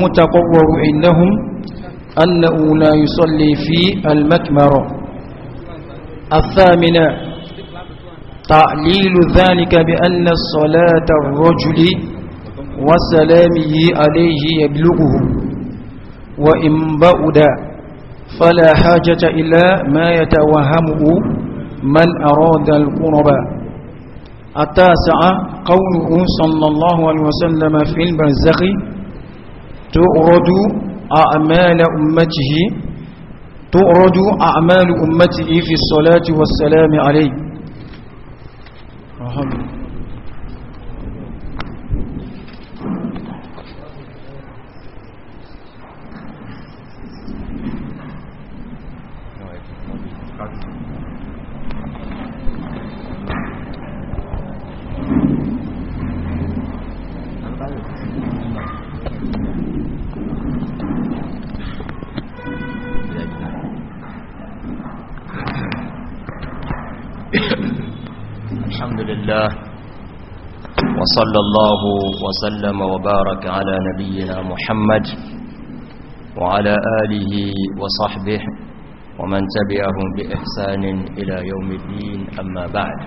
متقور عندهم أنه لا يصلي في المكمرة الثامنة تعليل ذلك بأن الصلاة الرجل وسلامه عليه يبلغه وإن بعد فلا حاجة إلى ما يتوهمه من أراد القرب التاسعة قوله صلى الله عليه وسلم في البرزخ تعرض أعمال أمته تعرض أعمال أمته في الصلاة والسلام عليه رحمه الله وصلى الله وسلم وبارك على نبينا محمد وعلى آله وصحبه ومن تبعهم بإحسان إلى يوم الدين أما بعد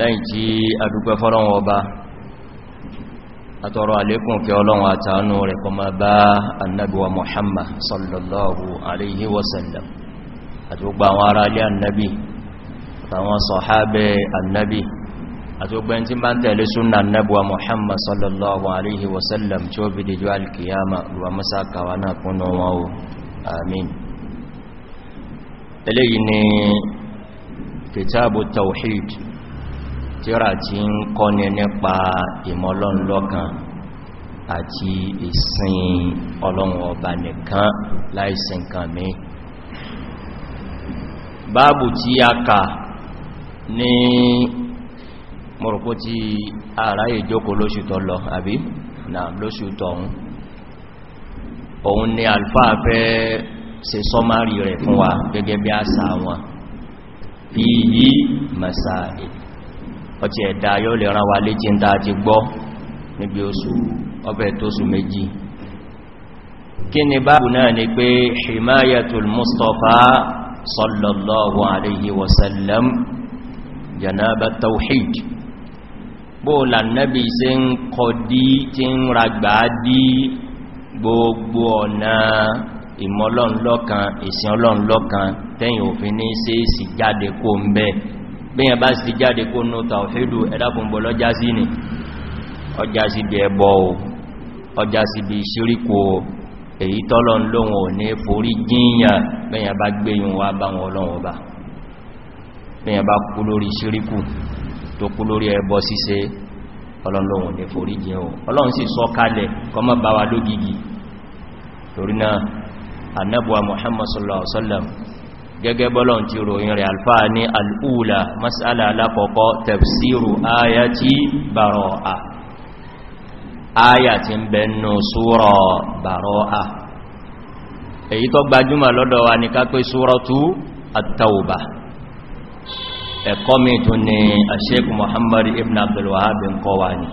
lẹ́yìn tí a dúpẹ́ fọ́lọ́wọ́ ọba àtọrọ àlékún kí ọlọ́run àtàánú rẹ̀ kọ ma bá annabuwa muhammad sallallahu alaihi wasallam àti gbogbo àwọn ará alẹ́ annabi àtàwọn sọ̀hábẹ́ annabi àti ogbẹ́n tí bá ń tẹ̀lé súnà annabuwa muhammad sallallahu alaihi wasallam tí ó fi dìjú alkiyama ruwa masakawa náà kúnnà wọn o amin eléyìí ni kìtàbù tawhid tíra tí ń kọ́ni nípa ìmọ̀lọ́nlọ́kan àti ìsìn ọlọ́run ọba nìkan láìsìn a kà ní mọ̀rọ̀pọ̀ ti ara ìjókòó lóṣù tó lọ àbí na lóṣù tọ̀hún òun ni alfa fẹ́ ṣe sọ́márì rẹ̀ fún wa gẹ́gẹ́ bí àṣà wọn fi yí masáàlì ọ̀tí ẹ̀dà yóò lè rán wa létí ń dáa ti gbọ́ níbi oṣù ọbẹ̀ tó sù méjì kí ni báàbù náà ni pé himayatul mustapha sallallahu alaihi wasallam janaba tawhid bóòlà nẹ́bí ṣe ń kọdí tí ń ragbà dí gbogbo ọ̀nà ìmọ́lọ́nlọ́kan ìsìn ọlọ́nlọ́kan tẹ́yìn òfin ní ṣe sì jáde kó ń bẹ́ bíyàn bá sì jáde kó ní tàwídù ẹ̀dàkùnbọ̀ lọ́já sí ni ọjá sí bí ẹbọ o ọjá sí bí ṣíríkò èyí tọ́lọ́n ò ní forí jíyàn bíyàn bá gbéyùn wá báwọn ọlọ́run ọba bíyàn bá kú lórí ṣíríkù tó kú lórí ẹbọ ṣíṣe ọlọ́lọ́wọ̀n ní forí jẹ́ o ọlọ́run sì sọ kalẹ̀ kọmọ bá wa lógigi torí náà annabuwa muhammad sallallahu alaihi wasallam gẹ́gẹ́ bọ́lọ̀n ti ròyìn rẹ̀ alfa ní al'ula masala alákọ̀ọ́kọ́ tafsiru ayati baro'a ayati ń bẹnu súrọ̀ baro'a èyí tó gbajúmọ̀ lọ́dọ̀ wa ní ká pé súrọ̀ tú at-tawbah ẹ̀kọ́ mi tún ni àṣẹ́kù Muhammad ibn Abdul Wahhab ń kọ́ wa ni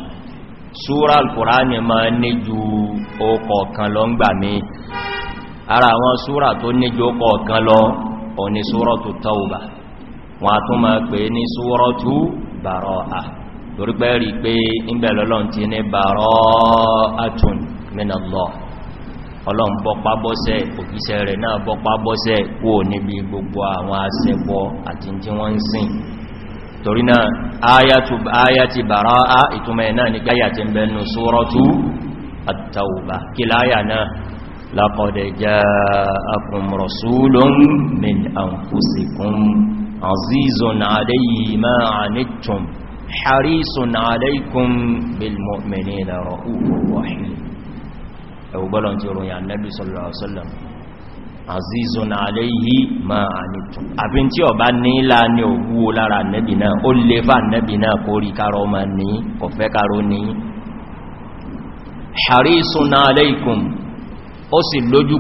súra al-Qur'ani ma ní ju ọkọ̀ kan lọ ń gbà mí ara àwọn súra tó ní ju ọkọ̀ kan lọ ó ní Suratu Tawbah wọn a tún ma pè ní Suratu Bara'ah torípẹ́ rí pé ń ọlọ́run bọ́pá bọ́sẹ̀ òkíṣẹ́ rẹ̀ náà bọ́pá bọ́sẹ̀ kú ò níbi gbogbo àwọn asẹ́bọ àti tí wọ́n ń sìn torí náà ayati bara'a ìtumẹ̀ náà ní káyà ti bẹnu suratu at-tauba kí láyà náà laqad ja'akum rasulun min ẹ̀wùgbọ́lọ̀ ti ròyìn annabi sallallahu alaihi wasallam azizun alayhi ma anitum àbí tí ọ bá ní ìlà ní òwúwo lára annabi náà ó lè fà annabi náà kó rí kárọ ma ní kọ̀fẹ́ kárọ ní harisun alaykum ó sì lójú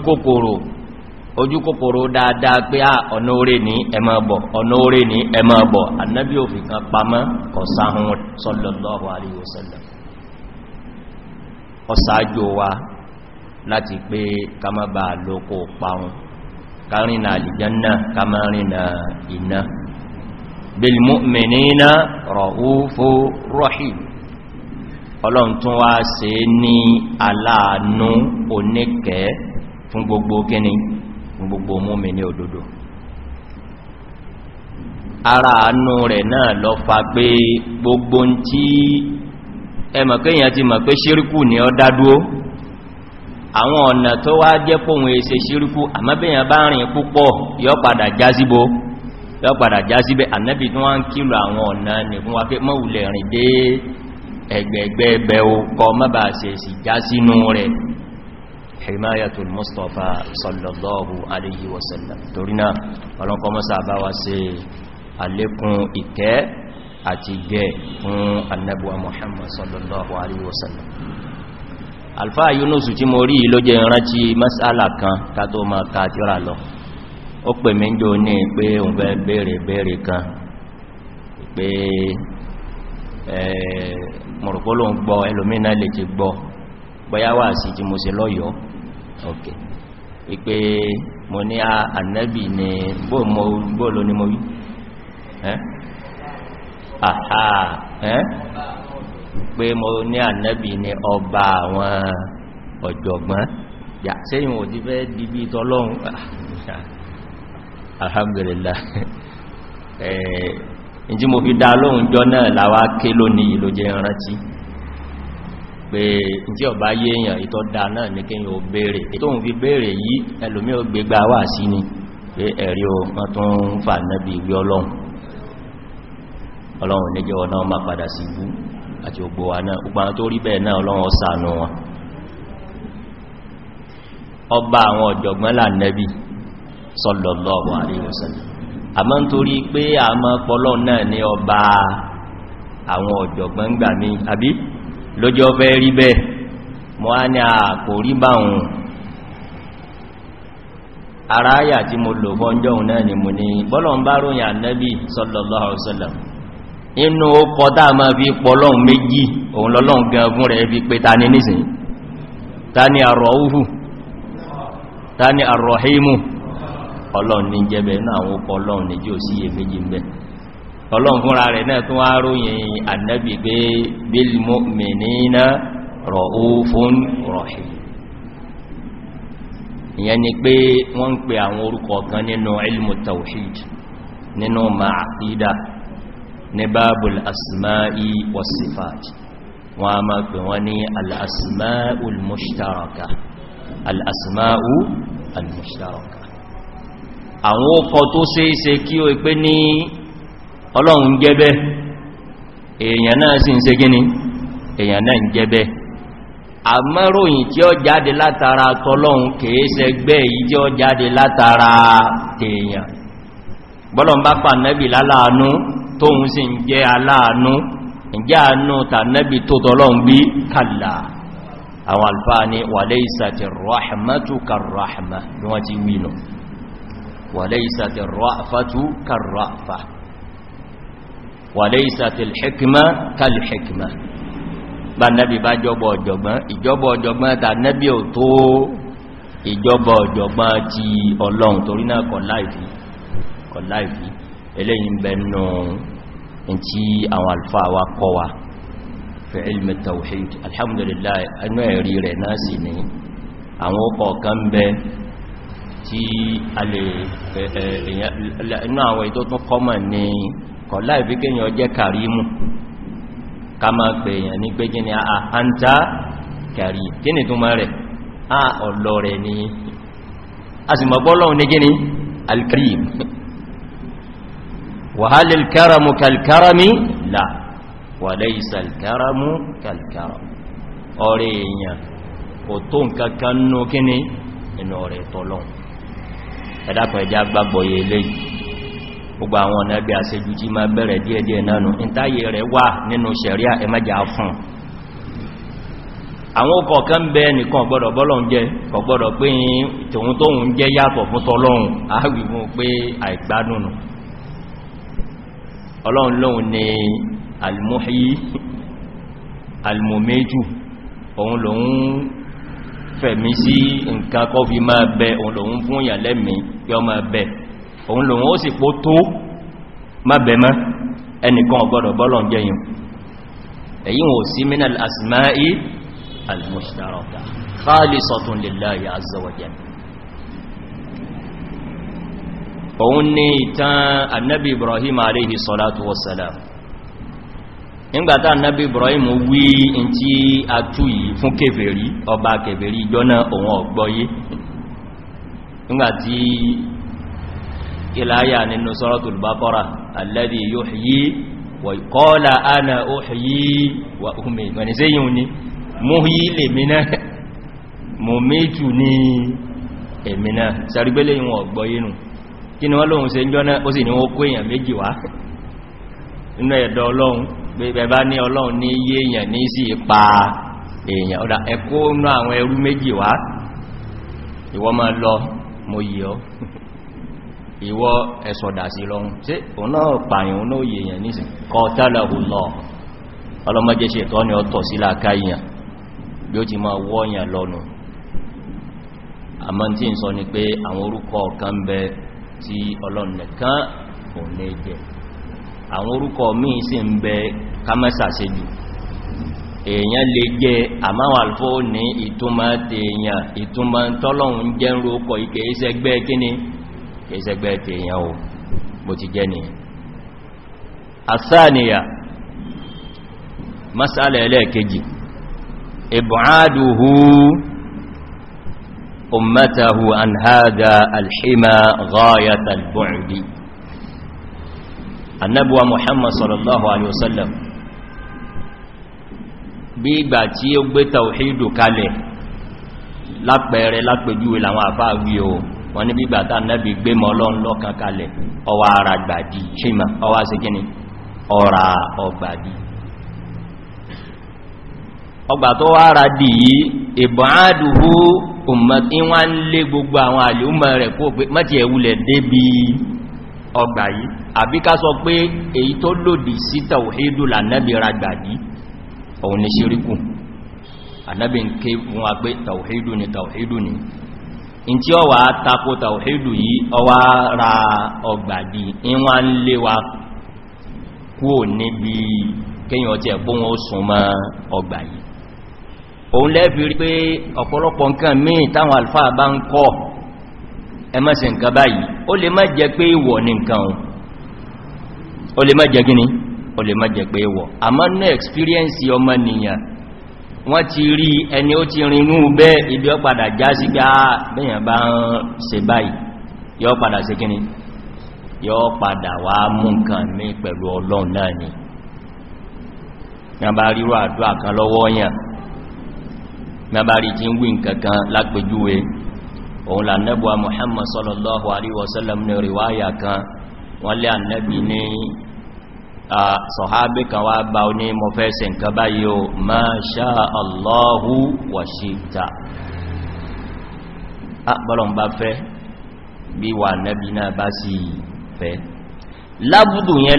dáadáa pé à ah, ọ̀nà ní ẹmọ ọ̀bọ̀ ní ẹmọ annabi òfin kan pamọ́ kọ̀sáhun sallallahu alaihi láti pé ká má bá lókò paun kárínà àlìjánná ká má rínà iná bilmu'minina ra'ufu rahim ọlọ́run tún wá ṣe ní aláàánú oníkẹ́ fún gbogbo kíni fún gbogbo mùmínì òdodo ara àánú rẹ̀ náà lọ fa pé gbogbo tí ẹmọ̀kẹ́yàn ti mọ̀ pé ṣíríkù ni ọ dádúó àwọn ọ̀nà tó wá jẹ́ pòhun èsè ṣírúkú àmọ́bìyàn bá rìn púpọ̀ yọ́ padà já síbò yọ́ padà já síbẹ̀ ànẹ́bì tí wọ́n ń kìlọ àwọn ọ̀nà nìkún wa pé mọ́wùlẹ̀ rìn dé ẹgbẹ̀ẹ̀gbẹ̀ ẹbẹ̀ okọ mọ́bà ṣe sallallahu alayhi wa sallam torí náà ọlọ́nkọ́ mọ́sá bá wá ṣe àlékún ìkẹ́ muhammad sallallahu alayhi wasallam alfa yunus tí mo rí ló jẹ́ ìrántí masala kan ká tó ma ka tíra lọ ó pè mí jò ní pé òun fẹ́ béèrè béèrè kan pé mọ̀rọ̀kọ́ ló ń gbọ́ ẹlòmínà lè ti gbọ́ bọ́yáwà sí tí mo ṣe lọ́yọ́ ok wípé mo ní a annabi ni bóòlò ni mo wí ẹ́ àhà ẹ́ pé mo ní ànábì ní ọba àwọn ọ̀jọ̀gbọ́n yà sẹ́yìn ò ti fẹ́ dìbí tọ́lọ́run ah, alhamdulillah ìjí mo fi dá lóhun jọ náà láwá ké lónìí ló jẹ́ rántí pé ìjí ọba yé èyàn ìtọ́ dá náà ní kíyàn ò béèrè tóhun fi béèrè yí ẹlòmí ò gbégbá wà sí ni pé ẹ̀rí o wọ́n tún ń fà náà bí ìgbé ọlọ́run ọlọ́run níjẹ́ ọ̀nà ọmọ padà sí ibú àti ògbò wa náà gbogbo àwọn tó rí bẹ́ẹ̀ náà ọlọ́run ṣàánú wọn ọba àwọn ọ̀jọ̀gbọ́n lànẹ́bì sallallahu alaihi wasallam àmọ́ nítorí pé àmọ́ pọ́lọ́ náà ní ọba àwọn ọ̀jọ̀gbọ́n gbà ní àbí lójú ọfẹ́ rí bẹ́ẹ̀ mọ́ á ní àkò rí báhùn ara áyà tí mo lò fọ́njọ́ náà ni mo ní bọ́lọ̀ ń bá ròyìn ànẹ́bì sallallahu alaihi wasallam inú ọkọ̀ dáa máa fi pọ̀lọ́n méjì òun lọ́lọ́n gan fún rẹ̀ ta ni nísìn ta ni àrọ̀húhù ta ni àrọ̀hímù ọlọ́run ní jẹ́bẹ̀ náà àwọn ọkọ̀ ọlọ́run ní jí ò sí iye méjì mẹ́ ọlọ́run fúnra rẹ̀ náà tún wá ròyìn ànẹ́bì pé bil mu'minina ní bábùl asma'i wasifati wọn a máa pè wọn ní al'asma'ul mushtaraka al'asma'u al-mushtaraka àwọn ọkọ̀ tó ṣe é ṣe kí o pé ní ọlọ́run jẹ́bẹ́ èèyàn náà sì ń ṣe gíní èèyàn náà ń jẹ́bẹ́ àmọ́ròyìn tí ó jáde látara tọ́lọ́run kèé sẹgbẹ́ èyí tí ó jáde látara tèèyàn bọ́lọ̀ nẹ́bì láláàánú tóhun sí ń jẹ́ aláàánú ìjẹ́ àánú tànẹ́bì tó tọ́lọ́un bí kàlà àwọn alfáà ni wàlẹ́ ìsàtì rọ́hàmátù kàrọ̀hàmá ní wọ́n ti wínú wàlẹ́ ìsàtì rọ́hàfátù kàrọ̀hàfá wàlẹ́ ìsàtì hikima kàlìhikima bá nẹ́bì bá jọba ọ̀jọ̀gbọ́n ìjọba ọ̀jọ̀gbọ́n tànẹ́bì ò ti ọlọ́run torí náà kọ̀ láìfí eléyìn bẹnu in tí àwọn alfa wa kọwa fi ilmi tawhid alhamdulillah anú ẹ̀rí rẹ̀ náà sì ni àwọn ọkọ̀ kan bẹ tí a lè inú àwọn ètò tún kọmọ̀ ní kọ̀lá ìfikẹ́yàn ọjẹ́ kàrímù ká máa pè èyàn ní pé kí ni a àǹtá kàrí kí ni túnmọ́ rẹ̀ a ọ̀lọ́ rẹ̀ ni a sì mọ̀ bọ́lọ́ ní kí alkarim وهل الكرم كالكرم لا وليس الكرم كالكرم أرينيا وطن ككنو كني إن أري طولون ẹ̀dàkùn ẹja gbàgbọ̀ yẹ lẹ́yìn gbogbo àwọn ọ̀nà ẹgbẹ́ àṣẹjú jí máa bẹ̀rẹ̀ díẹ̀díẹ̀ nánú ìtàyè rẹ̀ wà nínú sẹ̀ríà ẹmẹ́jà fún àwọn ọkọ̀ bẹ nìkan gbọ́dọ̀ bọ́lọ̀ ń jẹ pé tòun tóun jẹ́ yàtọ̀ fún tọ́lọ́run ọlọ́run lóhun ni almuhi almumeju òun lòun fẹ̀mí sí nǹkan kọ́ fi máa bẹ òun lòun fún ìyà lẹ́mí yọ máa bẹ òun lòun ó sì pó tó má bẹ mọ́ ẹnìkan ọgbọ́dọ̀ bọ́lọ̀ jẹyìn èyí wọ́n sí minal asma'i al-mushtaraka lillahi azza òun ní ìtàn annabi ibrahim alayhi salatu wassalam nígbàtà annabi ibrahim wí in tí a tú yìí fún kèfèrí ọba kèfèrí jọna òun ọgbọ́yé nígbàtí iláyà nínú suratul baqara alladhi yuhyi wa qala ana uhyi wa kí ni wọ́n lóhun ṣe ń jọ́nà ó sì ní wọ́n kó èèyàn méjì wá inú ẹ̀dọ̀ ọlọ́run bẹ̀bá ní ọlọ́run ní iye èèyàn ní sí ipa èèyàn ọ̀dá ẹkó inú àwọn ẹrú méjì wá ìwọ máa lọ mo yìí ọ ìwọ ẹ̀sọ̀dà sí lọ́run tí òun náà pààyàn tí ọlọ́run nìkan òun lè jẹ àwọn orúkọ míì ń bẹ kámẹ́sà ṣe jù èèyàn lè jẹ àmáwà ní ìtumọ̀ tèèyàn jẹ́ ń ike kíní ìṣẹ́gbẹ́ tèèyàn o bó ti jẹ́ nìyàn ẹlẹ́ẹ̀kejì أمته عن هذا الحما غاية البعد النبوة محمد صلى الله عليه وسلم بيبا تيو بتوحيد كاله lápẹẹrẹ lápẹjúwe làwọn àfáà wí o wọ́n ní bígbà tá nẹ́bí gbé mọ́ ọlọ́run lọ́kan kalẹ̀ ọwà ara gbàdì ṣíma ọwà sí gíní ọ̀rà ọgbàdì ọgbà tó wá ara dì ìbọn àdúhú ummati wọ́n ń lé gbogbo àwọn àlúmọ̀ rẹ̀ kó pé mọ́tí ẹ̀wulẹ̀ débi ọgbà yìí àbí ká sọ pé èyí tó lòdì sí tàwíhídù lànẹ́bì ragbàdì ṣíríkù kúò níbi ọjẹ́ wọn ó súnmọ́ ọgbà òun lẹ́bí rí pé ọ̀pọ̀lọpọ̀ nǹkan míì táwọn alfa bá ń kọ́ ẹmọ́sí nǹkan báyìí ó lè má jẹ pé ìwọ̀ ní nǹkan ohun ó lè má jẹ gíní ó lè má jẹ pé ìwọ̀ àmọ́ ní experience ọmọ nìyàn wọ́n ti rí ẹni ó ti rinú bẹ́ ibi ọpadà já sí pé ah, bẹ́yàn bá ń ṣe báyìí yọ padà ṣe kíní yọ padà mẹ́bàrí tí ń wí nkankan lápẹjúwe òun là nẹ́bùwa Muhammad sallallahu alaihi wasallam ní ríwáyà kan wọ́n lé ànẹ́bì ní sọ̀hábé kan wá bá o ní mọ́fẹ́sẹ̀ nǹkan báyìí o ma sha Allahu wa shi'ta bọ́lọ̀n bá fẹ́ bí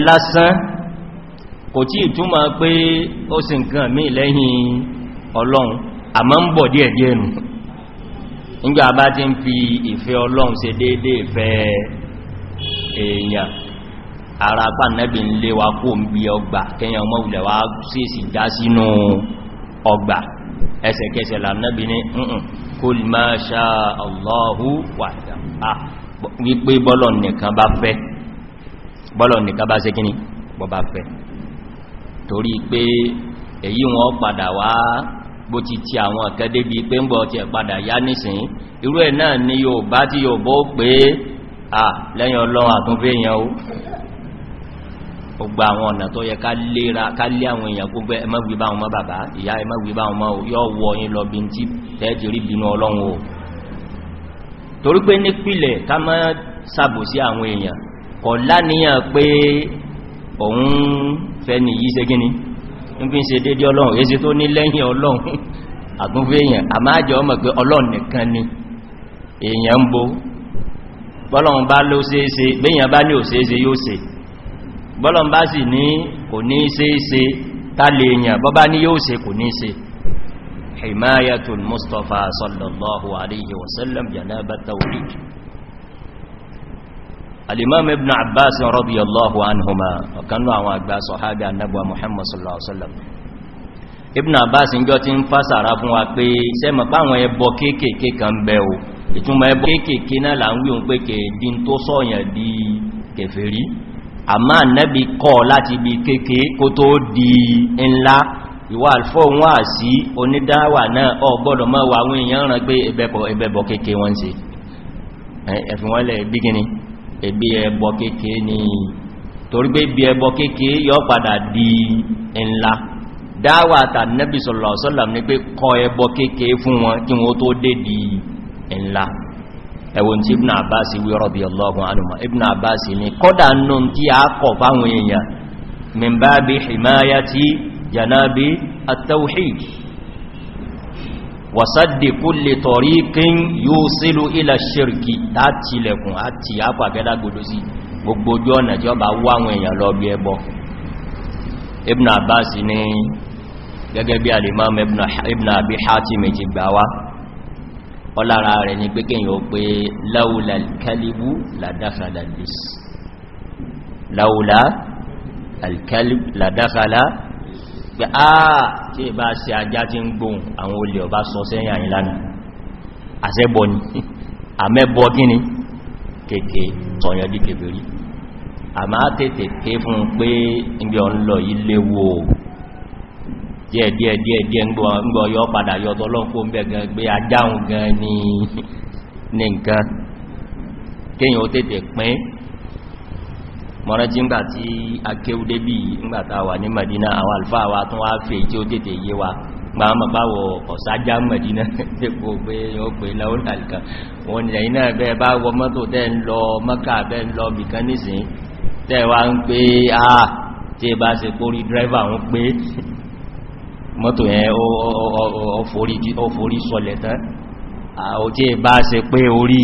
lásán kò tí ìtúmọ̀ pé ó sì nǹkan mí lẹ́yìn ọlọ́run àmọ́ ń bọ̀ díẹ̀ díẹ̀ nù nígbà bá ti ń fi ìfẹ́ ọlọ́run ṣe déédé ìfẹ́ èèyàn ara apá nẹ́bì ń lé wa kó ń bí ọgbà kẹyàn ọmọ ìlẹ̀ wa sí sì já sínú ọgbà ẹsẹ̀kẹsẹ̀ lànẹ́bì ní kul ma sha Allahu wahda wípé bọ́lọ̀ nìkan bá fẹ́ bọ́lọ̀ nìkan bá ṣe kíní bọ́ bá bó ti ti àwọn àkẹ́dé bí pé ń gbọ́ ti ẹ̀padà yá nìsìn irú ẹ̀ náà ni yóò bá tí yóò bó pé à lẹ́yìn ọlọ́run àtúnfẹ́ èèyàn ó gbogbo àwọn ọ̀nà tó yẹ ká lera ká lé àwọn èèyàn gbogbo ẹmọ́gbé bá wọn mọ́ bàbá ìyá ẹmọ́gbé bá wọn mọ́ wọ yín lọ bí ń fi ń ṣe dédé ọlọ́run èsì tó ní lẹ́yìn ọlọ́run àgúnfẹ́ èèyàn a máa jẹ́ ọmọ pé ọlọ́run nìkan ni èèyàn ń bo bọ́lọ̀un bá ló ṣeéṣe béèyàn bá ní òṣeéṣe yóò ṣe bọ́lọ̀un bá sì ní kò ní ṣeéṣe tálẹ̀ èèyàn bọ́ bá ní yóò ṣe kò ní ṣe himayatul Mustafa sallallahu alaihi wasallam janaba tawhid al'imam ibn abbas radiyallahu anhuma ọ̀kanú àwọn àgbà sọ̀hábí annabuwa muhammad sallallahu alaihi wasallam ibn abbas ń jọ ti ń fásàrá fún wa pé sẹ́mọ̀ páwọn ẹbọ kéèkèé kan bẹ́ o ìtumọ̀ ẹbọ kéèkèé náà là ń wí òun pé kèèdín tó sọ́yàn di kèfèrí àmá nẹ́bí kọ́ láti bí kéèkèé kó tó di ńlá ìwà alfọ́ wọn à sí onídáwà náà ọgbọ́dọ̀ mọ́ wà àwọn èèyàn rán pé ẹbẹ̀bọ̀ kéèkèé wọ́n se ẹ̀fìnwọ́lẹ̀ bígini ebi ẹbọ kéèkéé ni torí pé bí ẹbọ kéèkéé yọ padà di ńlá dáwà tàbí sallallahu alaihi wasallam ní pé kọ ẹbọ kéèkéé fún wọn kí wọ́n tó dé di ńlá ẹ̀wọ̀n tí ibn abbas wí radiyallahu anhuma ibn abbas ní kọ́dà nù tí wàsádì kú lè tọ̀rí kín yóò sílú ilẹ̀ ṣirki láti ilẹ̀kùn àti àpàgẹ́dá gbogbo sí gbogbo ojú ọ̀nà tí ó bá wá àwọn èèyàn lọ bí ẹbọ ibn abbas ni gẹ́gẹ́ bí alimam ibn abi hatim ti pé àà tí ìbá ṣe ajá tí ń gbóhùn àwọn olè ọba sọ sẹ́yìn àyìnlánà àṣẹ́bọ̀ ni àmẹ́bọ̀ gíní kèkè tọ̀yàn bí kèbèrí a máa tètè ké fún pé ibi ọ̀n lọ ilé wo díẹ̀díẹ̀díẹ̀ ngbọ̀ yọ padà yọ tọ́lọ́pọ̀ ń bẹ̀ ajáhùn gan ní nǹkan kéyàn ó tètè pín mọ́rájí ńgbà tí akéúdé bí ńgbàta wà ní Madina àwọn alfáà wa tún wá fèé tí ó tètè yé wa gbàmà báwọ̀ ọ̀sájá Madina tẹ́kọ̀ pé yóò pè láúrálìkà wọn ni ẹ̀yìn náà bẹ́ẹ̀ bá wọ mọ́tò tẹ́ ń lọ Mọ́kà bẹ́ẹ̀ ń lọ bìkan nísìn tẹ́wà ń pé àà tí ẹ bá ṣe kórí dírẹ́và ń pé mọ́tò yẹn ó forí sọlẹ̀ tán àà tí ẹ bá ṣe pé orí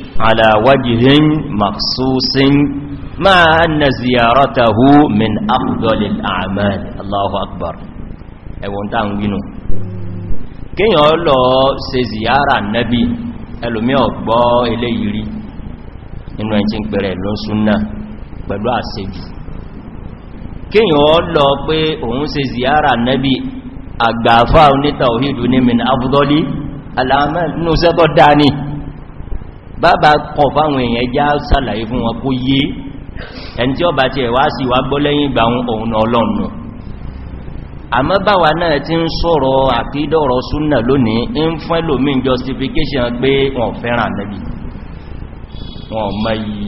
على وجه مخصوص مع أن زيارته من أفضل الأعمال الله أكبر ẹwọ̀n tàà ń gínú kíyàn lọ ṣe ziyara nabi ẹlòmí ọ̀gbọ́ ilé yìí nínú ẹ̀tí ń pẹ̀rẹ̀ ló ń súnnà pẹ̀lú àṣejù kíyàn lọ pé òun ṣe ziyara nabi àgbàfà onítà òhìdú ní min afdọ́lí alamẹ́ nínú sẹ́tọ́ dání bàbá kọ̀ fáwọn èèyàn já sàlàyé fún wọn kó yé ẹni tí ó bá ti ẹ̀wà sí wá gbọ́ lẹ́yìn ìgbà òun ọlọ́nà àmọ́ báwa náà ti ń sọ̀rọ̀ àkídọ̀rọ̀ súnà lónìí ń fún ẹlòmí justification pé wọn fẹ́ràn ànẹ́bì wọn mọ́ yí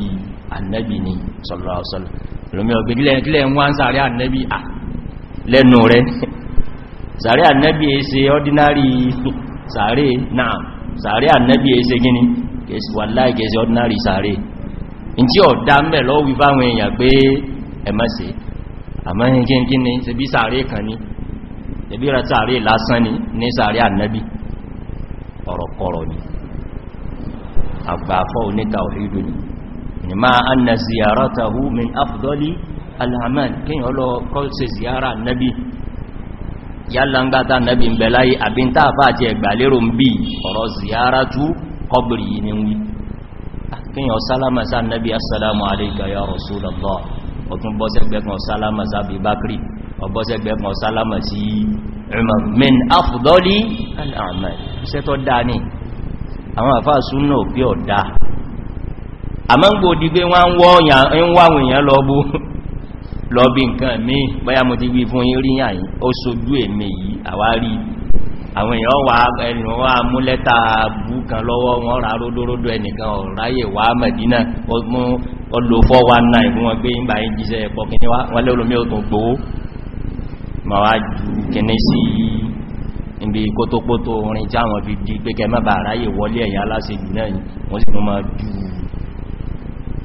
ànẹ́bì ni sọ̀lọ̀sọ̀lọ̀ lómi ọ̀gbẹ̀ kílẹ̀ wà láìkẹsẹ̀ ordinary sáré in tí ọ̀dá mẹ́ lọ wí fáwọn èèyàn pé ẹmọ́sẹ̀ àmọ́ kínkín ní ṣe bí sáré kan ní ẹbí rẹ̀ sáré lásán ní ní sáré ànábì ọ̀rọ̀kọ̀rọ̀ ni àgbàfọ́ oníta òhìdù ni ni máa anna ziyaratahu min afdoli alhaman kíyàn lọ kọ́ ziyara annabi yálà annabi ń bẹ̀láyé àbíntà ti ẹgbà lérò ń ziyaratu kọbìrì yìí ni wí ah, kíyàn sálámàsá nẹ́bí assalamu alaika ya rasulallah ọ̀tún bọ́sẹ̀gbẹ́ kan sálámàsá bí bákìrì ọ̀bọ́sẹ̀gbẹ́ kan sálámàsí Umar min afdọ́lí al'amal iṣẹ́ tó dá ní àwọn àfáà súnnà òpí ọ̀dá àmọ́gbò dìgbé wọ́n wáwọn èèyàn lọ́bú lọ́bí nǹkan mí báyá mo àwọn èèyàn wà ẹnu wà mú lẹ́ta bú kan lọ́wọ́ wọn rà ródóródó ẹnìkan ọ̀ráyè wà mẹ̀dínà ọdún ọlò 419 fún wọn pé ń bá yí jíṣẹ́ ẹ̀pọ̀ kìí wọ́n lẹ́olómi ò tó gbówó ma wá jù kìíní sí ibi kótópótó orin tí àwọn fi di pé kẹ mẹ́bà ráyè wọlé ẹ̀yà aláṣẹ́jù náà wọ́n sì máa jù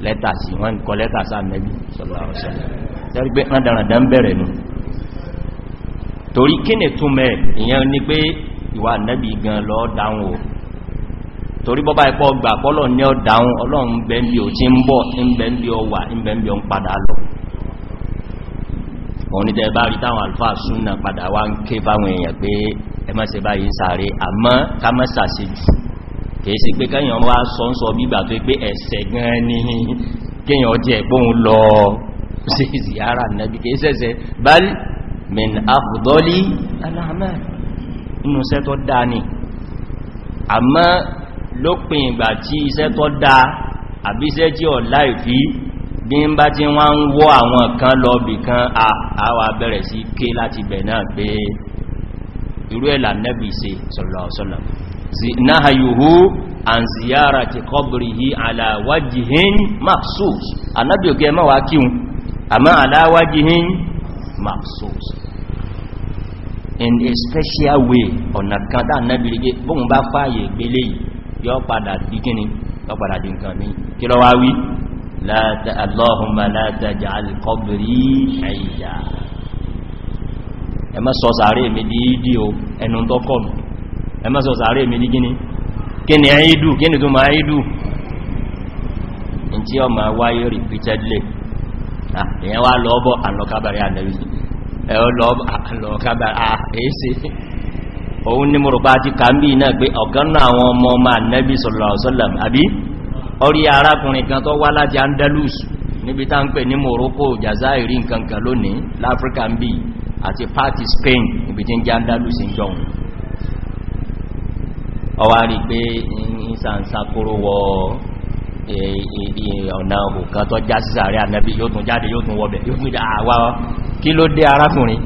lẹ́tà sí wọ́n torí kíni túnmẹ̀ ìyẹn ni pé ìwà nẹ́bì gan lọ dáhùn o torí bọ́bá ipọ́ ọgbà pọ́lọ̀ ní ọ dáhùn ọlọ́run bẹ́ẹ̀bí ò tí ń bọ̀ ìbẹ̀ẹ̀bí ọwà ìbẹ̀ẹ̀bí ọ ń padà lọ òun ni tẹ́ẹ̀bá rí táwọn alfáà súnnà padà wá ń ké fáwọn èèyàn pé ẹ má ṣe báyìí sáré àmọ́ ká jẹ́ pòun lọ sí ìsìyára nàbí kìí sẹ́sẹ̀ báyìí min afdọ́lì aláàmà inú iṣẹ́ tó dáa ni àmọ́ lópin ìgbà tí iṣẹ́ tó dáa àbí iṣẹ́ tí ọ̀ láìfí bí ń bá tí wọ́n ń wọ́ àwọn kan lọ bì kan àwà bẹ̀rẹ̀ sí ké láti bẹ̀ náà pé irú ẹ̀là nẹ́bì se sọ̀lọ̀sọ̀lọ̀ nahayuhu an ziyara ti kọbùrìhì aláwájihìn maksus anábì òkè mọ́wàá kíun àmọ́ aláwájihìn maksus in a special way ọ̀nà kan dáa nẹ́bìrì gé bóhun bá fàyè gbélé yọ padà bí kíni yọ padà di nǹkan ní kí lọ wá wí Allahumma la taj'al qabri hayya ẹmọ́ sọ sàárè mi di ìdí o ẹnu tó kọ̀nù ẹmọ́ sọ sàárè mi di gíní kí ni ẹ̀ẹ́dù kí ni tó máa ẹ̀ẹ́dù in tí ọ ma repeatedly èyàn ah, wá lọ bọ́ alọ́kábàrí ànẹ́bí ẹ̀ọ́ lọ alọ́kábàrí àẹ́sẹ́ òun ní mọ̀rọ̀pá ti kàmbí náà pé ọ̀gánà àwọn ọmọ ọmọ ànẹ́bí sọ̀lọ̀sọ̀lọ̀m àbí orí arákùnrin kan tó wá láti Andalus níbi tá ń pè ní Morocco Jazairi nkankan lónìí láfríkà ń bí àti pàtí E, e, e, ọ̀nà òkan tó já sí sàárẹ́ ànábí yóò tún jáde yóò tún wọ́bẹ̀ yóò tún àwá kí ló dé arákùnrin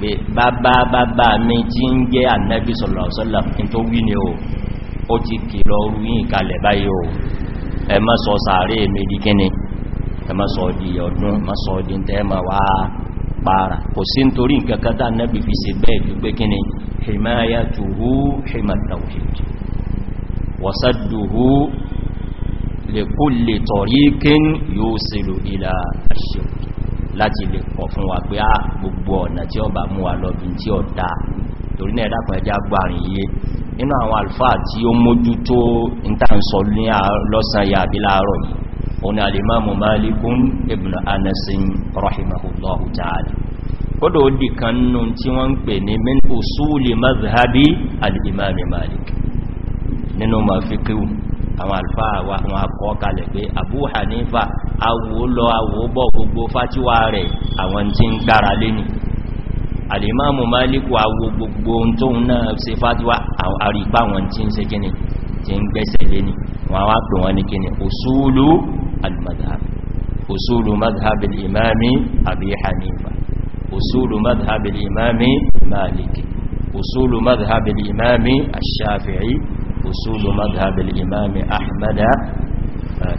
pé bàbá bàbá mi tí ń jẹ́ ànábí sọ̀lọ̀sọ́lọ̀ kí tó wí ni o ó ti kìlọ rúyìn kalẹ̀ báyìí o ẹ má sọ sàárẹ́ mi di kíni ẹ má sọ lè kó lè tọ̀rí kín yóò sílò ìlà àṣẹ láti lè pọ̀ fún wa pé á ah, gbogbo ọ̀nà tí ó bá mú wa lọ́bí tí ó dá torí náà dápọ̀ ẹjá gbàrin yé nínú àwọn alfa tí ó mójú tó ìtànsọ ní lọ́sàn ya àbí láàárọ̀ òun alìmọ́mù malikun ibn anasin rahimahullahu ta'ala kódò ó dì kan nù tí wọ́n ń pè ní min usuli mazhabi al-imam malik nínú mafikiru àwọn àlfáà wa àwọn akọ́ kalẹ̀ pé Abu Hanifa awò lọ awò bọ́ gbogbo fátíwà rẹ̀ àwọn tí ń gbára lé ní alìmáàmù Málíkù awò gbogbo tó ń náà ṣe fátíwà àrípá wọn tí ń ṣe kíni tí ń gbẹ́sẹ̀ lé ní wọn wá pè wọn ní kíni usulu al usulu madhhab al-imam ahmad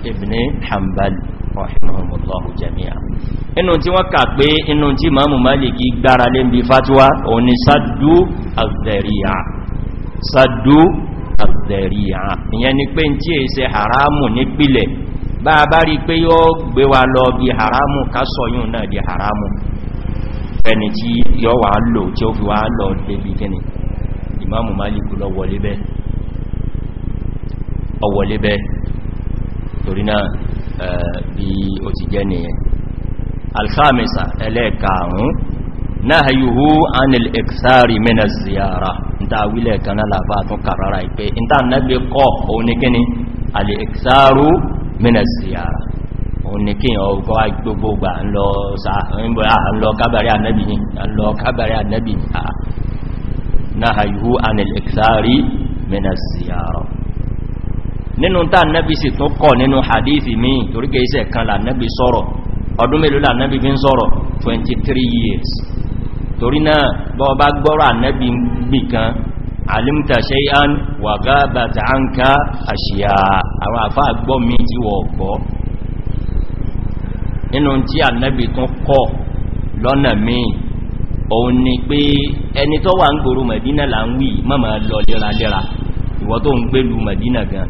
ibn hanbal rahimahumullahu jami'a inú tí wọ́n kà pé inú tí imamu maliki gbára lé bí fatuwa òun ni saddu az-zari'a saddu az-zari'a ìyẹn ni pé tí è ṣe haramu nípìlẹ̀ bá bá rí pé yóò gbé wa lọ bí haramu ká sọyún náà di haramu ẹni tí yóò wà lò tí ó fi wà lọ débi kíni imamu maliki lọ wọlé bẹ́ẹ̀ ọwọ̀lé bẹ́ torí náà bí ó ti jẹ́ nìyẹn alkhamisa ẹlẹ́ẹ̀kàrún náà yíhú anil iksari mena ziyara ta wílẹ̀ kan náà làbá tún kàrara ìpé ìta nẹ́gbẹ́ kọ́ oníkíní alì iksaru mena ziyara oníkíyàn ọkọ̀ gbogbogbà ń lọ kábàrí ànẹ́bì ní lọ kábàrí ànẹ́bì ní nínú tá nẹ́bí sì tún kọ̀ nínú hadithi mi torí kẹsẹ̀ kan là nẹ́bí sọ́rọ̀ ọdún mélòó là nẹ́bí fi ń sọ́rọ̀ 23 years torí náà bọ́ bá gbọ́rọ̀ nẹ́bí gbì kan alimta shay'an wa ghabata anka ashiya àwọn àfá gbọ́ mi tí wọ́ gbọ́ nínú tí ànẹ́bì tún kọ́ lọ́nà míì òun ni pé ẹni tó wà ń gbòrò mẹ̀dínà là ń wí mọ́mọ̀ lọ lẹ́ra lẹ́ra ìwọ tó ń gbèlú mẹ̀dínà gan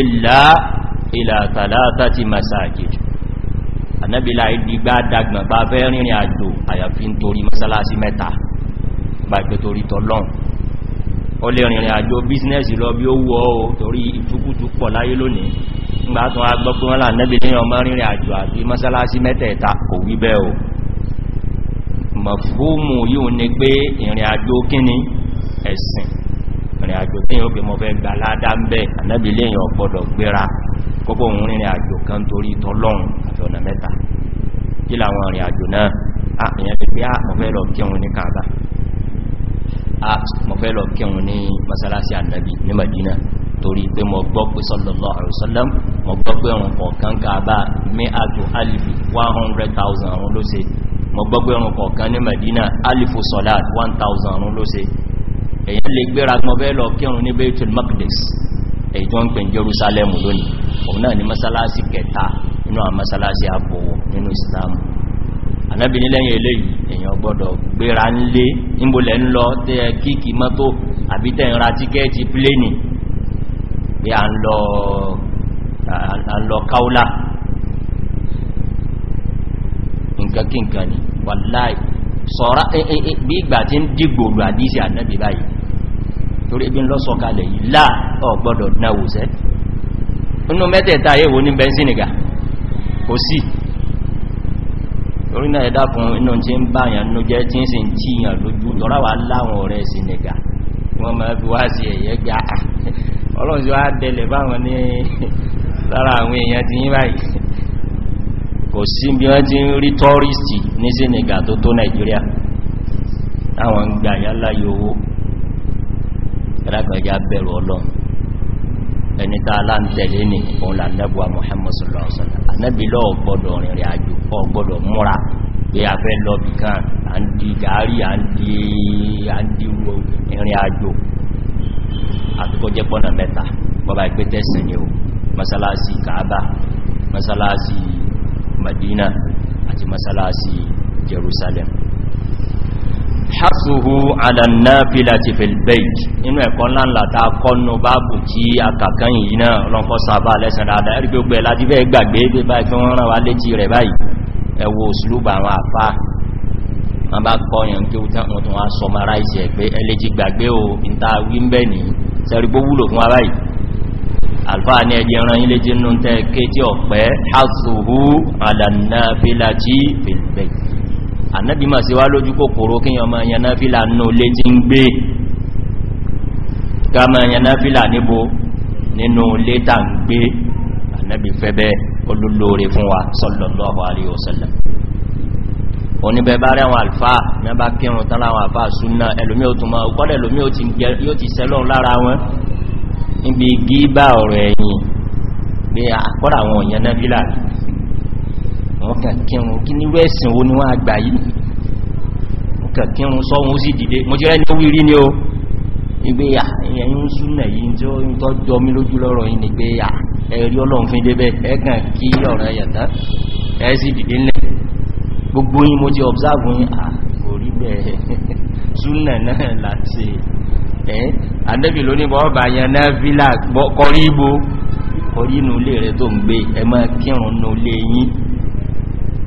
ìlà ìlà tàlátà ti masajid anábìlá ìdígbà dàgbọ̀n bá fẹ́ rìnrìn àjò àyàfi nítorí masalasi mẹ́ta bá ìpẹ́ torí tọ́lọ́n o lè rìnrìn àjò bísínẹ́sì lọ bí ó wọ́ o torí ìtukútu pọ̀ láyé lónìí ngbàtún agbọ́pọ̀ wọn lànẹ́bì ní ọmọ rìnrìn àjò àti masalasi mẹ́tẹ̀ẹ̀ta kò wí bẹ́ o mọ̀fúnmù yíò ẹ̀sìn ìrìn àjò tí yóò gbé mọ́ fẹ́ gbà ládá ń bẹ́ ànábì léyìn ọ̀pọ̀dọ̀ gbéra kókó òun rìnrìn àjò kan torí tọ́lọ́run àti ọ̀nà mẹ́ta kí làwọn ìrìn àjò náà a ìyẹn ti pé a mọ̀ fẹ́ lọ kírun ní kaaba a mọ̀ fẹ́ lọ kírun ní masalasi ànábì ní madina torí pé mọ̀ gbọ́ pé sallallahu alaihi wasallam mọ̀ gbọ́ pé ẹ̀rùn kọ̀ọ̀kan kaaba mẹ́ àjò alifi 100,000 ọ̀run ló ṣe mọ̀ gbọ́ pé ẹ̀rùn 1,000 ọ̀run ló ṣe èyàn lè gbéra gbọ́bẹ́ lọ kírùn ní Baitul Maqdis èyí tó ń pè Jerusalem lónìí òun náà ni masalasi kẹta inú àwọn masalasi àpòwò nínú Islam Ànábì ní lẹ́yìn eléyìí èyàn gbọ́dọ̀ gbéra ń lé níbolẹ̀ ń lọ tẹ́ kíkì mọ́tò àbí tẹ́ ń tíkẹ́ẹ̀tì plénì bí a ń lọ kaula nǹkan kí nǹkan ni wàláì sọ̀rọ̀ bí ìgbà tí ń dìgbòrò àdísì Ànábì báyìí torí ibi lọ sọ̀kalẹ̀ yìí láà ọ̀gbọ́dọ̀ náwò inú mẹ́tẹ̀ẹ̀ta yẹ́wò ní bẹ́ńsìnìgà kò sí torí náà ẹ̀dàkùn inú tí ń bá yàn ní jẹ́ tí ń sì tí yàn lójú láwọn ọ̀rẹ́ ọlọ́sí àwọn ń ẹ̀lákan ẹja bẹ̀rù ọlọ́run ẹni tàà láńtẹ̀lé ní òun lànẹ́bùwà Muhammad sallallahu alaihi wasallam ànábì ló gbọ́dọ̀ rìnrìn àjò ó gbọ́dọ̀ múra pé a fẹ́ lọ bì kan à ń di gàárì à ń di ìrìn masalasi Kaaba masalasi Madina àti masalasi Jerusalem yabhasuhu ala an-nafilati fil bayt inú ẹ̀kọ́ ńlá ta kọ́nù báàbù tí akàkan yìí náà ọlọ́nkọ́ sábà lẹ́sàn dáadáa ẹ̀rí pé gbẹ̀ láti fẹ́ gbàgbé pé báyìí fún wọ́n rán wa létí rẹ̀ báyìí ẹ wo òsìlúbà àwọn àfá wọ́n bá kọ́yàn kí ó tẹ́kùn tó wá ran ilé jínú tẹ́ kéjì ọ̀pẹ́ hasuhu ala an-nafilati annabi ma ṣe wá lójú kòkòrò kíyàn ma yana fílà nù lé tí ń gbé ká ma yana fílà níbo nínú létà ń gbé annabi fẹ́bẹ́ olólóore fún wa sallallahu alaihi wasallam oni oníbẹ̀bá rẹ̀wọ̀n alfa mẹ́bá kírùn tán láwọn àfá súnà ẹlòmí ò tún ma ọkọ́lẹ̀ ẹlòmí ò ti sẹ́lọ́n lára wọn níbi gíbà ọ̀rọ̀ ẹ̀yìn pé àkọ́lá àwọn òyìn náà fílà rí wọ́n kàn kírun kí ní wẹ́sìn wo ni wọ́n àgbà yìí wọ́n kàn kírun sọ́wọ́n ó dìde mo jẹ́ ní wírí ní o ìgbé ẹ̀yìn súnà yìí tí ó ń tọ́jọ mí lójú lọ́rọ̀ yìí ni pé yà ẹ̀rí ọlọ́run fi débẹ̀ ẹ̀kàn kí ọ̀rọ̀ yàtá ẹ̀ sì dìde ńlẹ̀ gbogbo yìí mo ti observe yìí à kò rí bẹ́ẹ̀ súnà náà láti ẹ́ adẹ́bì lóní bọ́ọ̀bà yẹn náà fílà kọrí ibo kọrí inú ilé rẹ̀ yìí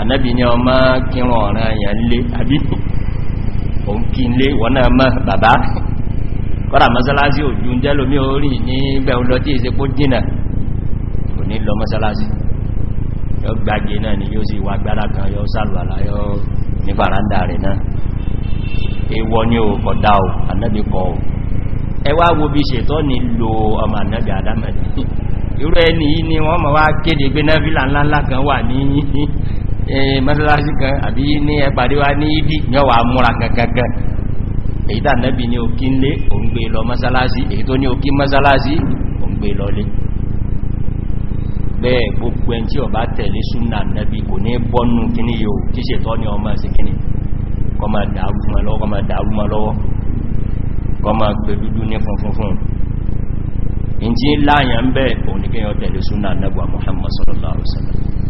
ànábì ní ọmọ kí wọn ọ̀ràn àyàn lé àbí òun kí n lé wọ́n náà mọ́ bàbá kọ́rà mọ́sálásí òjú jẹ́lómí orí ní bẹ̀rún lọ tí èsẹ́ kó dínà kò ní lọ mọ́sálásí yóò gbágbé náà ni yóò sì wá gbára kan yóò sàlùwàlá yóò ní faranda rẹ̀ náà ewọ ní o kọ̀dá o ẹni yìí ni wọ́n mọ̀ wá kéde gbé náà fílà ńláńlá kan wà ní Eh, mẹ́sàlásí kan àbí ní ẹgbàdé wá ní ìdí yọ́wà múra gangan èyí tà nẹ́bì ní òkí nlé òun gbé lọ mẹ́sàlásí èyí tó ní òkí mẹ́sàlásí òun gbé lọ lé bẹ́ẹ̀ gbogbo ẹn tí ó bá tẹ̀lé súnà nẹ́bì kò ní bọ́nù kíní yóò tí ṣètọ́ ní ọmọ sí kíní kọ bẹ́ẹ̀ òun tẹ̀lé súnà nẹ́bì Muhammad sallallahu alaihi wasallam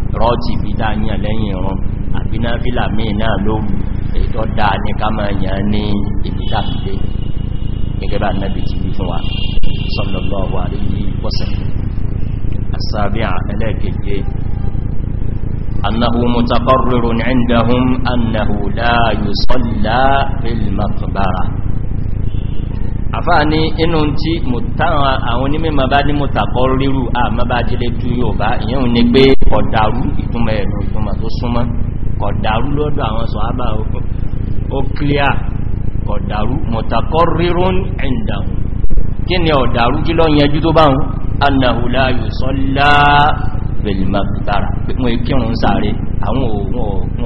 rọ́ọ̀tì bí dáyàn lẹ́yìn ìrun àbí náfílà míì náà lóòrù ètò dáa ní ká máa yàn ní ìdíkàfíde gẹ́gẹ́ bá nábi ti wí fún wa sallallahu alayhi wa sallam àfáà ní inú tí táwọn àwọn onímọ̀ bá ní mọ́tàkọ́ ríru àmọ́bájílé tú yóò bá ìyẹn ní pé kọ̀dàrú ìtumọ̀ ẹ̀nù ìtumọ̀ tó súnmọ́ kọ̀dàrú lọ́dọ̀ àwọn sọ̀hábà ó kílíà ni ọ̀dàrú kí lọ yẹjú tó bá hun annahula yusọ́lá belmakitara wọn kírun sáré àwọn òun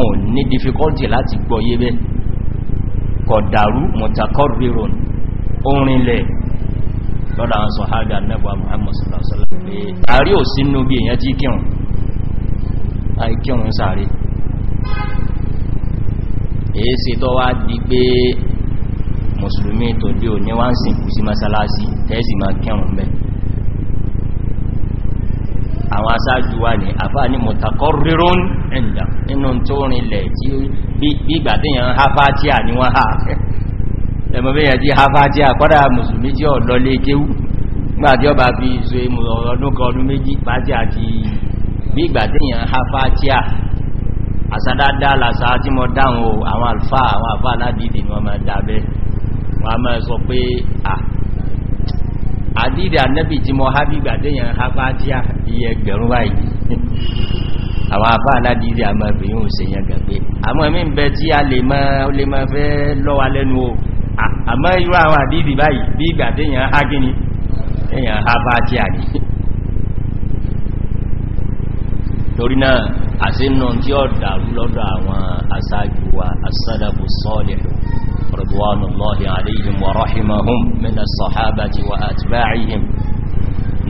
ò ní difficulty kọ̀dàrú mọ̀tàkọ́rìrùn orinlẹ̀ lọ́dà àwọn sọ̀hábà nẹ́bà Muhammad sallallahu alaihi wasallam pé tààrí ò sínú bí èyàn tí kírùn àìkírùn sàárè èé ṣe tó wá di pé mùsùlùmí tó dé ò ní wá àwọn asájú wà ní àfá ní mọ̀tàkọ́rírún ẹ̀ndà nínú tó rinlẹ̀ tí gbígbà tí yàn hafatia ni wọ́n ha ẹmọ bí tí hafatia kọ́dá mùsùlùmí tí ọ̀ lọlé kéwú gbàtí ọ bá fi so ọdún kan hafatia àsádádá làsá tí mọ dáhùn àwọn alfa àwọn àfá aládìdì ni wọ́n máa àdídì ànẹ́bì tí mọ́ hábígbà déyàn hapátíà iye ẹgbẹ̀rún báyìí àwọn àbá aládìdì àmọ́bìnrin ò se yẹn gàgbé àmọ́ ẹ̀mí ń bẹ tí a lè mọ́ fẹ́ lọ́wà lẹ́nu o àmọ́ irú àwọn àdídì báyìí bí ìgbà déyàn hágíní èyàn hapátíà ní torí náà àsínú tí ó lọ́dọ̀ àwọn asájú wa asádàbò sọ́ọ̀lẹ̀ رضوان الله عليهم ورحمهم من الصحابة وأتباعهم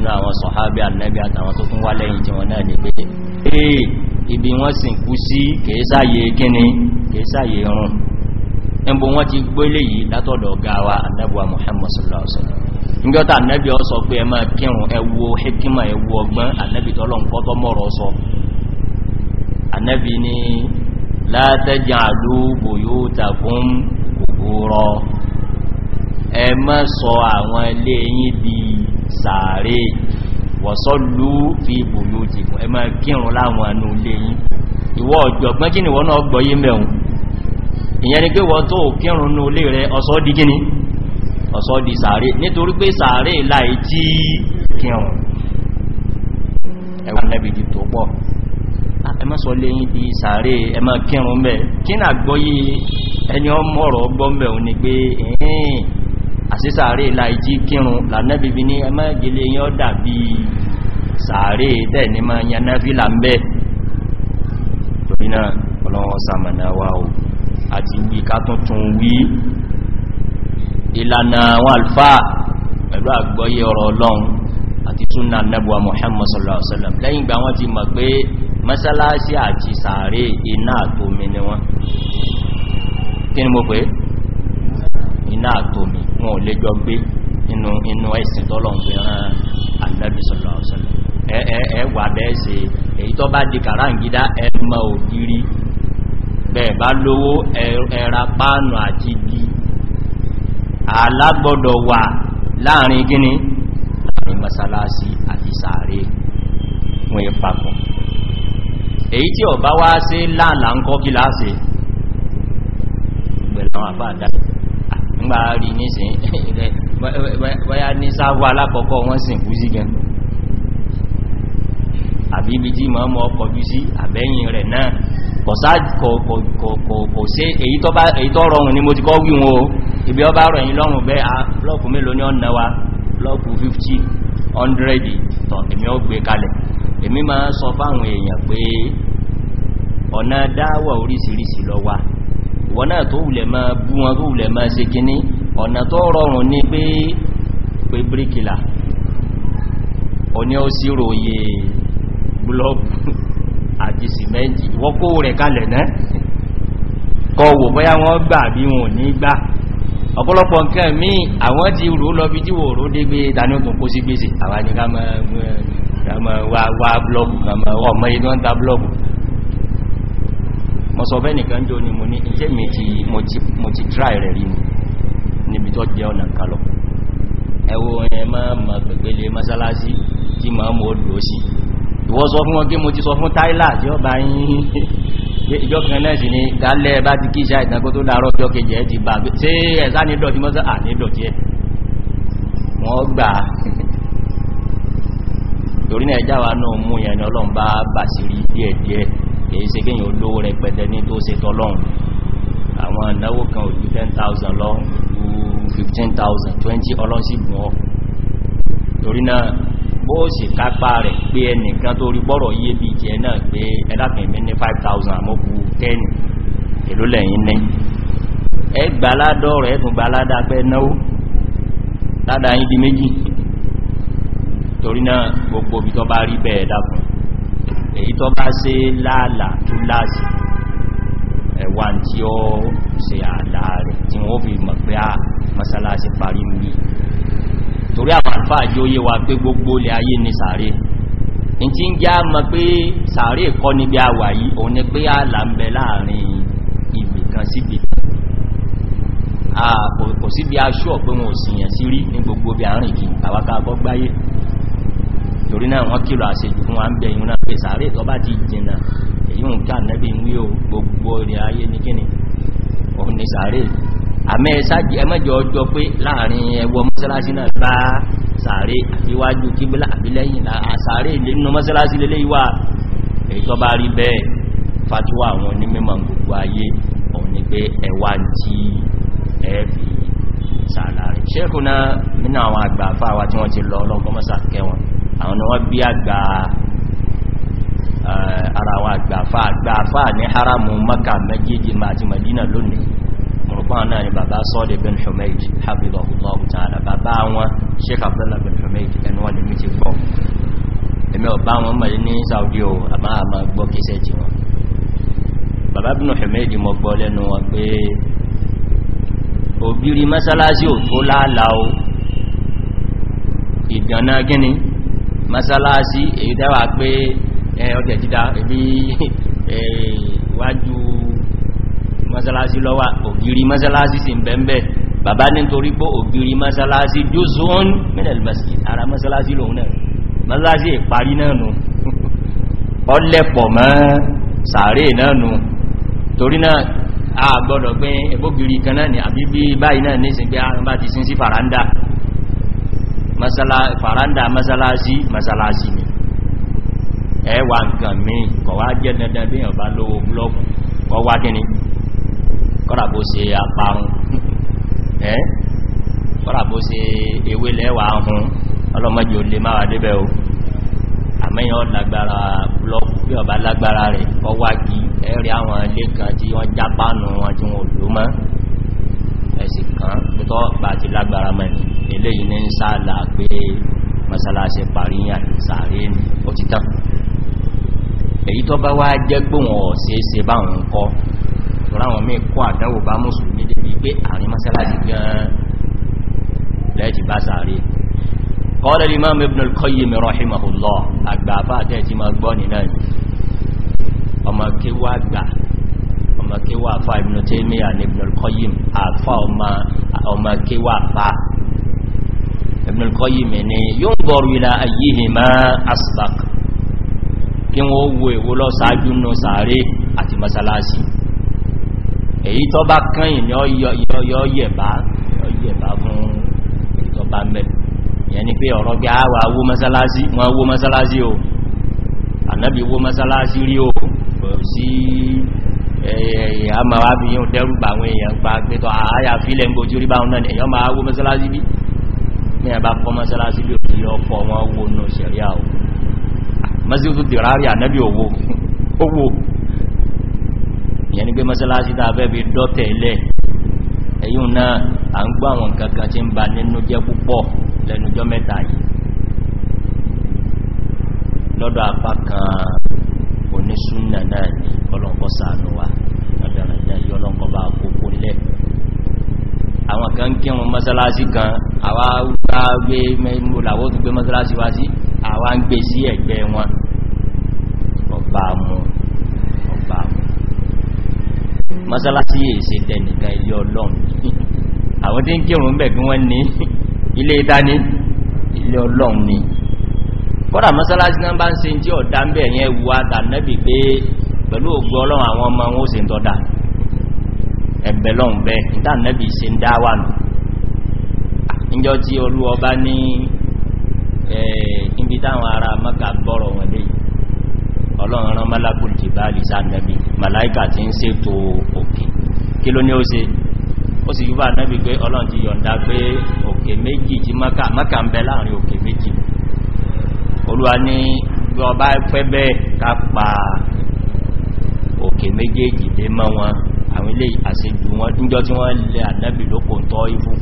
náà na sọ̀hábí ànẹ́bí àtàwọn tó tún wọn ee ibi wọ́n sì kú sí kèésáyé kíni kèésáyé run ẹgbò wọ́n ti gbélé yìí látọ̀dọ̀ gawa muhammad sallallahu alaihi wasallam annabi ọ sọ pé annabi annabi ni òwúrọ ẹ mọ́ sọ àwọn ilé yìí di sàárè wọ̀sọ́lú fi bòló ti fún ẹ mọ́ kírùn láwọn anú ilé yìí ìwọ ọ̀jọ̀gbọ́n kí ni wọ́n náà gbọ́ yí mẹ́un ìyẹn ni pé wọ́n tó kírùn ní olè rẹ ọ̀sọ́ di gíní ọ̀sọ́ di sàárè nítorí pé sàárè láì tí kírùn ẹmọ́sọ lẹ́yìn di sàárè ẹmọ́ kírùn mẹ́ kí náà gbọ́yí ẹni ọmọ́rọ̀ gbọ́mẹ̀ òní pé ẹ̀yìn àti sàárè láìjí kírùn lànẹ́bìbì ní ẹmọ́ ìgbèlè yẹn ó dàbí sàárè tẹ́ẹ̀ni ma yaná fílà ń bẹ́ torí náà ọlọ́wọ́ sàmànà wa o àti wí ká tuntun wí ìlànà àwọn àlfáà pẹ̀lú àgbọ́yé ọ̀rọ̀ ọlọ́run àti túnà nẹ́bùwa Muhammad sallallahu alaihi wasallam lẹ́yìn ìgbà wọ́n ti mọ̀ mọ́sálásí àti sàárè iná àtomi ni wọ́n kí ni mo pé iná àtomi wọn ò lè jọ gbé inú inú ẹ̀sìn tọ́lọ̀n fi rán Ànábì sallallahu alaihi wasallam ẹwà bẹ́ẹ̀ṣe èyí tó bá di kàráǹgídá ẹmọ ògiri bẹ́ẹ̀ bá lówó ẹra páànù àti igi alágbọ́dọ̀ wà láàrin gíní láàrin mọ́sálásí àti sàárè wọn ìpapọ̀ èyí tí ọ̀bá wá sí láàlá ń kọ́ kí láàṣẹ pẹ̀láwọn àbá àdá nígbà rí nísìn bọ́yá ní sáwọ́ alákọ̀ọ́kọ́ wọ́n sì kú sí gan àbí ibi tí ma mọ́ kọjú sí àbẹ́yìn rẹ̀ náà kò sí èyí tó rọrùn ní mo ti kọ́ wí wọn o ibi ọba rọ̀yìn lọ́rùn bẹ́ a blọ́ọ̀kù mélòó ní ọ̀nà wa blọ́ọ̀kù 50 100 tọ̀ èmi ó gbé kalẹ̀ èmi ma sọ fáwọn èèyàn pé ọ̀nà dáwà oríṣiríṣi ló wà wọ́n náà tó wùlẹ̀ máa bú wọn tó wùlẹ̀ máa ṣe kíní ọ̀nà tó rọrùn ní pé pé bríkìlà ọ̀ní ó sí ròye búlọ́ọ̀kù àti sìmẹ́ǹtì ìwọ́kó rẹ̀ kalẹ̀ náà kọ wò bóyá wọ́n gbà bí wọn ò ní gbà ọ̀pọ̀lọpọ̀ nǹkan míì àwọn ti rò lọ bí tí wò dé gbé dání kó sí gbèsè àwọn ni ká mọ́ kàmà wà blọ́gù kàmà ọmọ inú ń ta blọ́gù mọ́ sọ bẹ́ẹ̀ nìkan jò ní mo ní iṣẹ́ mo ti try rẹ̀ rí mi níbi tó jẹ́ ọ̀nà kalọ̀ ẹwọ ẹ máa ma pẹ̀pẹ̀lẹ masalasi tí ma mọ́ lò sí ìwọ sọ fún ọgé mo ti sọ fún tyler tí ó bá yín ìjọ kan náà sì ni kálẹ̀ bá ti kí ìṣà ìtàkó tó dárọ́ ọjọ́ kejì ẹ ti bá gbé tí ẹ̀sá nídọ̀ tí mọ́sá à nídọ̀ tí ẹ wọ́n gbà torí náà jáwà náà mú yẹn ọlọ́run bá bà sí rí díẹ̀díẹ̀ kìí ṣe kíyàn olówó rẹ̀ pẹ̀tẹ ní tó ṣe tọ́lọ́run àwọn ìnáwó kan ò ju 10,000 lọ 15,000 20 ọlọ́run sì gùn ọ torí náà bó sì kápá rẹ̀ pé ẹnìkan tó rí bọ́rọ̀ yé bí jẹ náà pé ẹlápẹ̀mí ní 5,000 àmọ́kù 10 èló lẹ́yìn ní ẹgbàládọ́ rẹ̀ ẹ̀tùn gbàládà pẹ́ náwó ládà yìí di méjì torí náà gbogbo ibi tó bá rí bẹ́ẹ̀ dákùn èyí tó bá ṣe láàlà tó láàsì ẹ̀wà tí ó ṣe àlà rẹ̀ tí wọ́n fi mọ̀ pé a ah, masalasi parí mú torí àwọn àfáà jí ó yé wa pé gbogbo ilẹ̀ ayé ni sàárè in ti ń já mọ̀ pé sàárè kọ́ níbi àwà yìí òun ni pé àlà ń bẹ láàrin ibì kan síbì kò síbi aṣọ́ pé wọn ò sìyàn sí rí ní gbogbo bí àárín kí àwákà gbọ́gbáyé torí náà wọ́n kìlọ̀ àṣejù fún wa ń bẹ̀ yìí náà pé sàárè tó bá ti jìnà èyí ń ká nẹ́bí ń wí o gbogbo rẹ̀ ayé ní kíni òun ni sàárè àmẹ́ sáàjì ẹmẹ́jọ ọjọ́ pé láàrin ẹwọ mọ́sálásí náà bá sàárè àbíwájú kíbílá àbílẹ́yìn sàárè nínú mọ́sálásí lélé ìwà èyí tó bá rí bẹ́ẹ̀ fàtíwà àwọn onímọ̀ gbogbo ayé òun ni pé ẹwà tí ẹ̀ẹ́fì sàárè ṣẹ́kùnà nínú àwọn àgbà fáwà tí wọ́n ti lọ ọlọ́gbọ́mọ́sà kẹwọn àwọn ni wọ́n bí àgbà eh, ara wọn àgbàfà àgbàfà ní haramu maka méjèèjì ma àti madina lónìí mọ̀rọ̀páwọn náà ni bàbá sọ́ọ̀dẹ̀ bin humaid hafidhahullahu ta'ala bàbá wọn sheikh abdullah bin humaid ẹni wọ́n lè mí ti fọ́ ẹ̀mẹ́ ọ̀bá wọn mẹ́rin ní saudi o àmá àmá gbọ́ kíṣẹ́ ti wọn o ìgànnà gíní masalasi èyí tẹ́wà pé ọjẹ̀ títà ibi wájú masalasi lọ́wà ògiri masalasi sì bẹ̀m̀bẹ̀ bàbá ní torí pé ògiri masalasi juzun minal masjid ara masalasi lòun náà masalasi ìparí náà nù ọlẹ́pọ̀ mọ́ sàárè náà nù torí náà a gbọ́dọ̀ gbẹ́ ẹgbógiri kan náà ni àbíbí báyìí náà ní ìsìnkú àwọn bá ti sin sí faranda fàrándà masalasi masalasi ni ẹwà nǹkan míì kọ̀ wá jẹ́ dandan bí ọba lówó blọ́ọ̀kù kọ́ wá gíní kọ́ràbó se àparun ẹ́ kọ́ràbó se ewé lẹ́wà ahun ọlọ́mọdé ò lè máa débẹ̀ o àmẹ́yàn lágbára blọ́ọ̀kù bí ọba lágbára rẹ̀ kọ́ wá gí ẹ̀rí àwọn ilé kan tí wọ́n jápánu wọn tí wọ́n lò mọ́ ẹ̀sìn kan pẹ́tọ́ bá ti lágbára mẹ́rin eléyìí ní sáàlá pé masalasi pàríyàn sàárè ní ó ti tán èyí tó bá wá jẹ́ gbóhùn ọ̀sẹ̀ẹ́sẹ̀ báwọn kọ́ ráwọn mí kọ́ àdánwò bá mùsùlùmí débi pé àrin masalasi gan lẹ́ẹ̀tì ọmọ kíwà àfá Ibn Taymiyyah ní Ibn al-Qayyim àfá ọmọ kíwà àfá Ibn al-Qayyim ni yunzaru ila ayyihima asbaq kí wọ́n wo èwo sáájú nù sàárè àti masalasi èyí tó bá kán ìní ọyẹ̀bá fún ìjọba mẹ́rin ìyẹn ni masalasi wọ́n wó masalasi o ànábì wó masalasi rí Eh, a ma wá fi yíò dẹ́rù bà àwọn èèyàn pa pẹ́tọ̀ àáyà fílẹ̀ ń gojú rí báwọn náà èèyàn ma wó mọ́sálásí bí ní ẹ̀bá kọ́ mọ́sálásí bí òfin ọkọ̀ wọn wó nù sẹ̀ríà ò mọ́sílùú dìrárí ànẹ́bí owó owó ìyẹn ni pé mọ́sálásí tàà ba nínú jẹ́ púpọ̀ lẹ́nujọ́ mẹ́ta yìí lọ́dọ̀ apá kan onísúnnà náà ni ọlọ́pọ̀ sàánú wa náà yọ lọ́kọ̀ọ́bà kòkó lẹ́ àwọn kan kírun mọ́sálásí kan àwa gbé mọ́láwọ́ tó gbé mọ́sálásí wá sí àwa ń gbé sí ẹ̀gbẹ́ wọn ọba mú ọba mú mọ́sálásí yìí ṣe tẹnìkan ilé ọlọ́run àwọn tí ń kírun bẹ̀ bí wọ́n ní ilé ìdání ilé ọlọ́run ni kọ́dà mọ́sálásí náà bá ń ṣe tí ọ̀dá ń bẹ̀ yẹn wù ẹ̀bẹ̀ lọ́n bẹ́ ìta nẹ́bì ṣe ń dáwà nù níjọ́ tí olúwa bá ní ibi táwọn ará mọ́ka gbọ́rọ̀ wọn lè ọlọ́run rán malakul jibali sa nẹ́bì malaika ti ń ṣètò òkè kí ló ní ó ṣe ó sì yúbà nẹ́bì pé ọlọ́run ti yọ̀ǹda pé òkè méjì tí mọ́ka ń bẹ láàrin òkè méjì olúwa ní ọba pẹ́ bẹ́ẹ̀ ká pa òkè méjèèjì dé mọ́ wọn àwọn ilé àṣejù wọn níjọ́ tí wọ́n lè ànábì lókò tọ́ ifú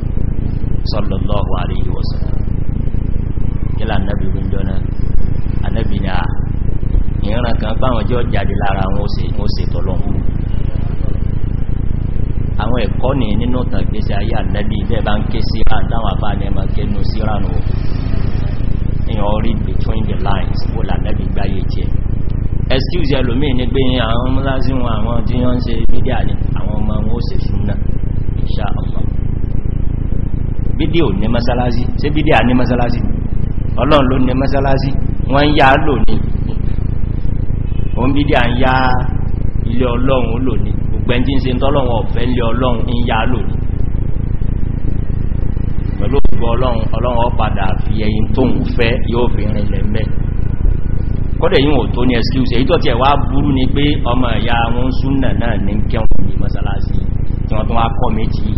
sallallahu alayhi wa sallam kílà ànábì náà ànábì ni a ìran kan báwọn jọ jáde lára wọn ṣe tọ́lọ́hun àwọn ẹ̀kọ́ ní nínú tàgbésí ayé ànábì excuse ẹlòmí ní pé àwọn mọ́lásí wọn àwọn tí wọ́n ṣe fídíà ní àwọn ọmọ wọn ó ṣe súnnà insha Allah fídíò ní mọ́sálásí ṣe fídíà ní mọ́sálásí ọlọ́run ló ní mọ́sálásí wọ́n yá lò ní òun fídíà ń yá ilé ọlọ́run lò ní ògbẹ́ntí ń ṣe tọ́lọ́run ọ̀fẹ́ ilé ọlọ́run ń yá lò ní pẹ̀lú ọlọ́run ọlọ́run ó padà fi ẹ̀yìn tóun fẹ́ yóò fi rìnlẹ̀ mẹ́rin kọ́dẹ̀ yíò tó ní excuse èyí ti ẹ̀wà burú ni pé ọmọ ìyá wọn súnnà náà ní kẹwọn ní mọ́sálásí tí wọ́n tún wá kọ́ méjì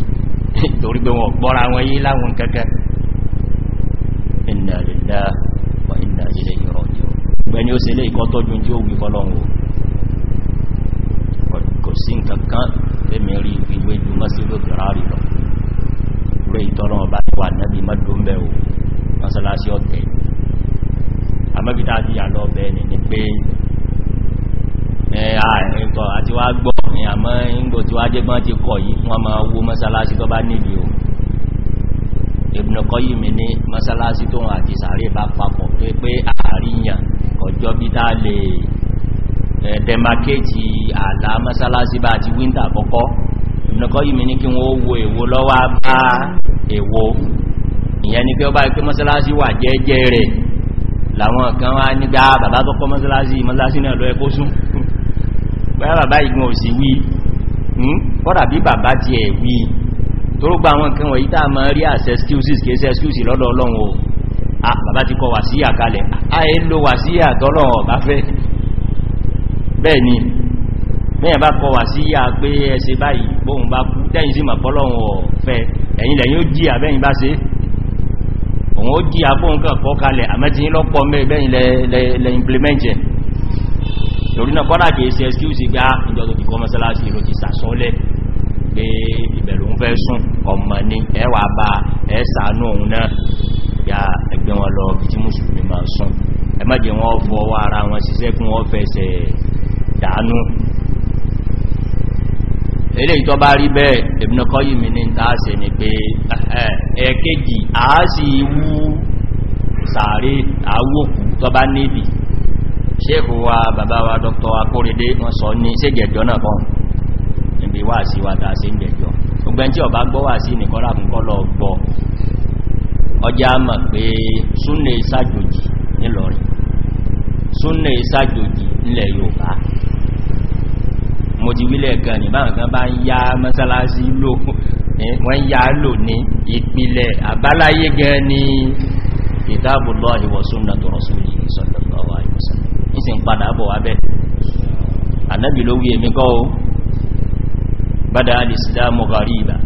torí pé wọ́n gbọ́ra wọn yí láwọn kẹ́kẹ́ àmọ́bítà àti yàlọ́ ọ̀bẹ̀ ni ni pé ẹ̀ẹ́kọ̀ àti wá gbọ́ ìyàmọ́ ìgbò tí wá dégbọ́n ti kọ̀ yìí wọ́n ma wó mọ́sálásí tó bá níbi o Ibn Qayyim ní mọ́sálásí tó wọ́n àti sàárè bá papọ̀ tó pé àríyàn kọjọ́ bí tá lè dẹmakéjì àlá mọ́sálásí bá ti wíńtà kọ́kọ́ Ibn Qayyim ní kí wọ́n wo èwo lọ́wọ́ bá èwo ìyẹn ni pé ó bá ikú mọ́sálásí wà rẹ̀ làwọn kan wá nígbà ah, bàbá tó kọ́ mọ́sálásí mọ́sálásí náà lọ ẹkó sún báyá bàbá ìgbọ̀n òsì wí hmm? kọ́dà bí bàbá ti ẹ̀ wí torúgbà àwọn kan wọ̀nyí tàà mọ́ rí àṣẹ excuses kéèsẹ́ excuses lọ́dọ̀ ọlọ́run o ah, bàbá ti kọ wàsíyà kalẹ̀ ààyè ah, ló wàsíyà tọ́lọ́run ọ̀bá fẹ́ bẹ́ẹ̀ ni bẹ́ẹ̀ bá kọ wàsíyà pé ẹsẹ báyìí bóhun bá kú tẹ́yìn sí mọ̀ pọ́lọ́run ọ̀fẹ́ ẹ̀yìn lẹ́yìn ó jí àbẹ́yìn bá se òun ó jí abóǹkan kọ́ kalẹ̀ àmẹ́tíyìn lọ́pọ̀ mẹ́rin lẹ implement ẹ̀ torí náà kọ́dà kìí ṣe excuse pé á ah, ìjọ tó ti kọ́ mọ́sálásí ìrò ti sàsọ́lẹ̀ pé ìbẹ̀rù ń fẹ́ sùn ọmọ ní ẹwà bá ẹ̀sànú ya ẹgbẹ́ wọn lọ bí tí mùsùlùmí máa sùn ẹ má jẹ́ wọ́n fọwọ́ ara wọn ṣiṣẹ́ kún wọ́n fẹsẹ̀ dànù ilé ìtọ́ bá rí bẹ́ẹ̀ Ibn Qayyim ní tààsì ni pé ẹ̀ẹ́kejì àásì wú sàárè àwòkù tọ́ bá níbi ṣéèkù wa bàbá wa Dr. Akóredé wọ́n sọ ní ṣégẹ̀jọ́ náà kan níbi wà sí wà tàà sí ìgbẹ̀jọ́ ọgbẹ́n tí ọba gbọ́ wà sí nìkọ́lá mo ti wílẹ̀ kan ní báwọn kan bá ń yá mọ́sálásí lò eh, wọ́n yá lò ní ìpìlẹ̀ àbáláyé gan ní kitabullahi wa sunnatu rasulihi sallallahu alaihi wasallam ìsìn padà bọ̀ wá bẹ́ẹ̀ ànábì ló wí èmi kọ́ o bada al-islamu ghariba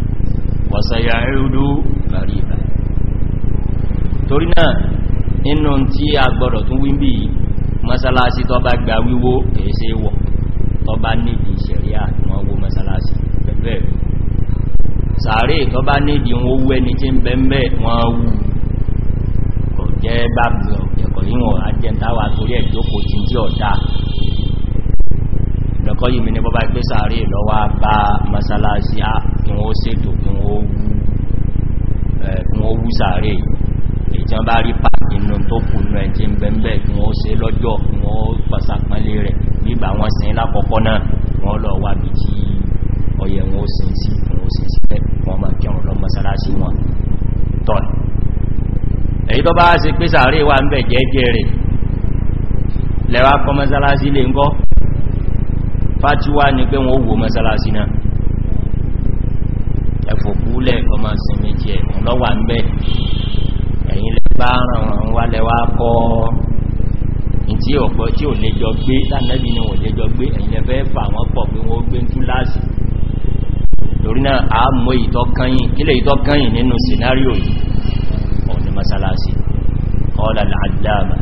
wa sayaudu ghariba torí náà nínú tí a gbọ́dọ̀ tún wí bí masalasi tó bá gba wíwó kèése wọ̀ tó bá ní ṣẹ̀ríà ni wọ́n wó mọ́sálásí sàárè tó bá nídi wọ́n wú ẹni tí ń bẹ́m̀bẹ́ wọ́n wú kò jẹ́ bábùlọ̀ ẹ̀kọ̀ yíwọ̀n ajẹ́ntàwà torí ẹ̀jókò tí tí ọ̀dá lọ́kọ́ yìí ní bọ́bá gbé sàárè lọ́wọ́ bá mọ́sálásí kí bá rí pàtàkì inú tó kùnú ẹ̀ tí ń bẹ̀m̀bẹ̀ kí wọ́n ó se lọ́jọ́ wọ́n ó pàṣàpánlé rẹ̀ nígbà wọ́n sin lákọ̀ọ́kọ́ náà wọ́n lọ wà bí tí ọyẹ wọn ó sin sí fún ó sin sí wọ́n ma kí ọ̀rọ̀ masalasi wọn tọ́n èyí tó bá ṣe pé sàárè wà ń bẹ̀ jẹ́jẹ́ rẹ̀ lẹ́wà kọ́ masalasi lè ń gọ́ fàtíwá ni pé wọ́n wò masalasi náà tí ọ̀pọ̀ tí ò lẹ́jọ gbé lánàbí ni wọ́n lẹ́jọ gbé ẹ̀yìn ẹ̀fẹ́ fà wọ́n pọ̀ pé wọ́n gbé túláàsì lórí náà a mọ́ ìtọ́kanyìn kílẹ̀ ìtọ́kanyìn nínú scenario yìí ọ̀nà masalasi qala al-allama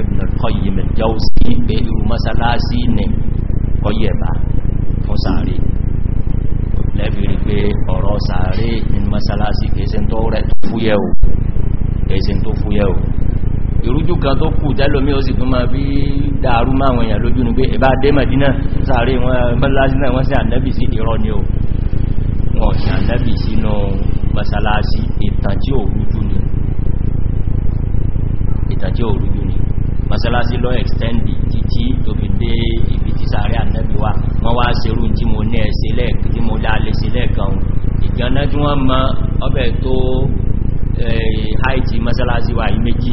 ibn al-qayyim al-jawzi pé irú masalasi ní ìrújú kan tó kù tẹ́lómí ó sì tún máa bí dáarú máwọn èèyàn lójú ní pé ẹbá dé Mẹdínà sáré wọn mọ́lásínà wọ́n sí ànẹ́bì sí ìrọ́ ni ó wọ́n sí ànẹ́bì sínú mọ́sálásí ìtàn tí ó rújú ni ìtàn tí ó rújú ni mọ́sálásí lọ extendi títí tó fi dé ibi tí sáré ànẹ́bì wá wọ́n wá serú tí mo ní ẹsẹ lẹ́ẹ̀kì tí ọbẹ̀ tó háìtì eh, mọ́sálásí wà yí méjì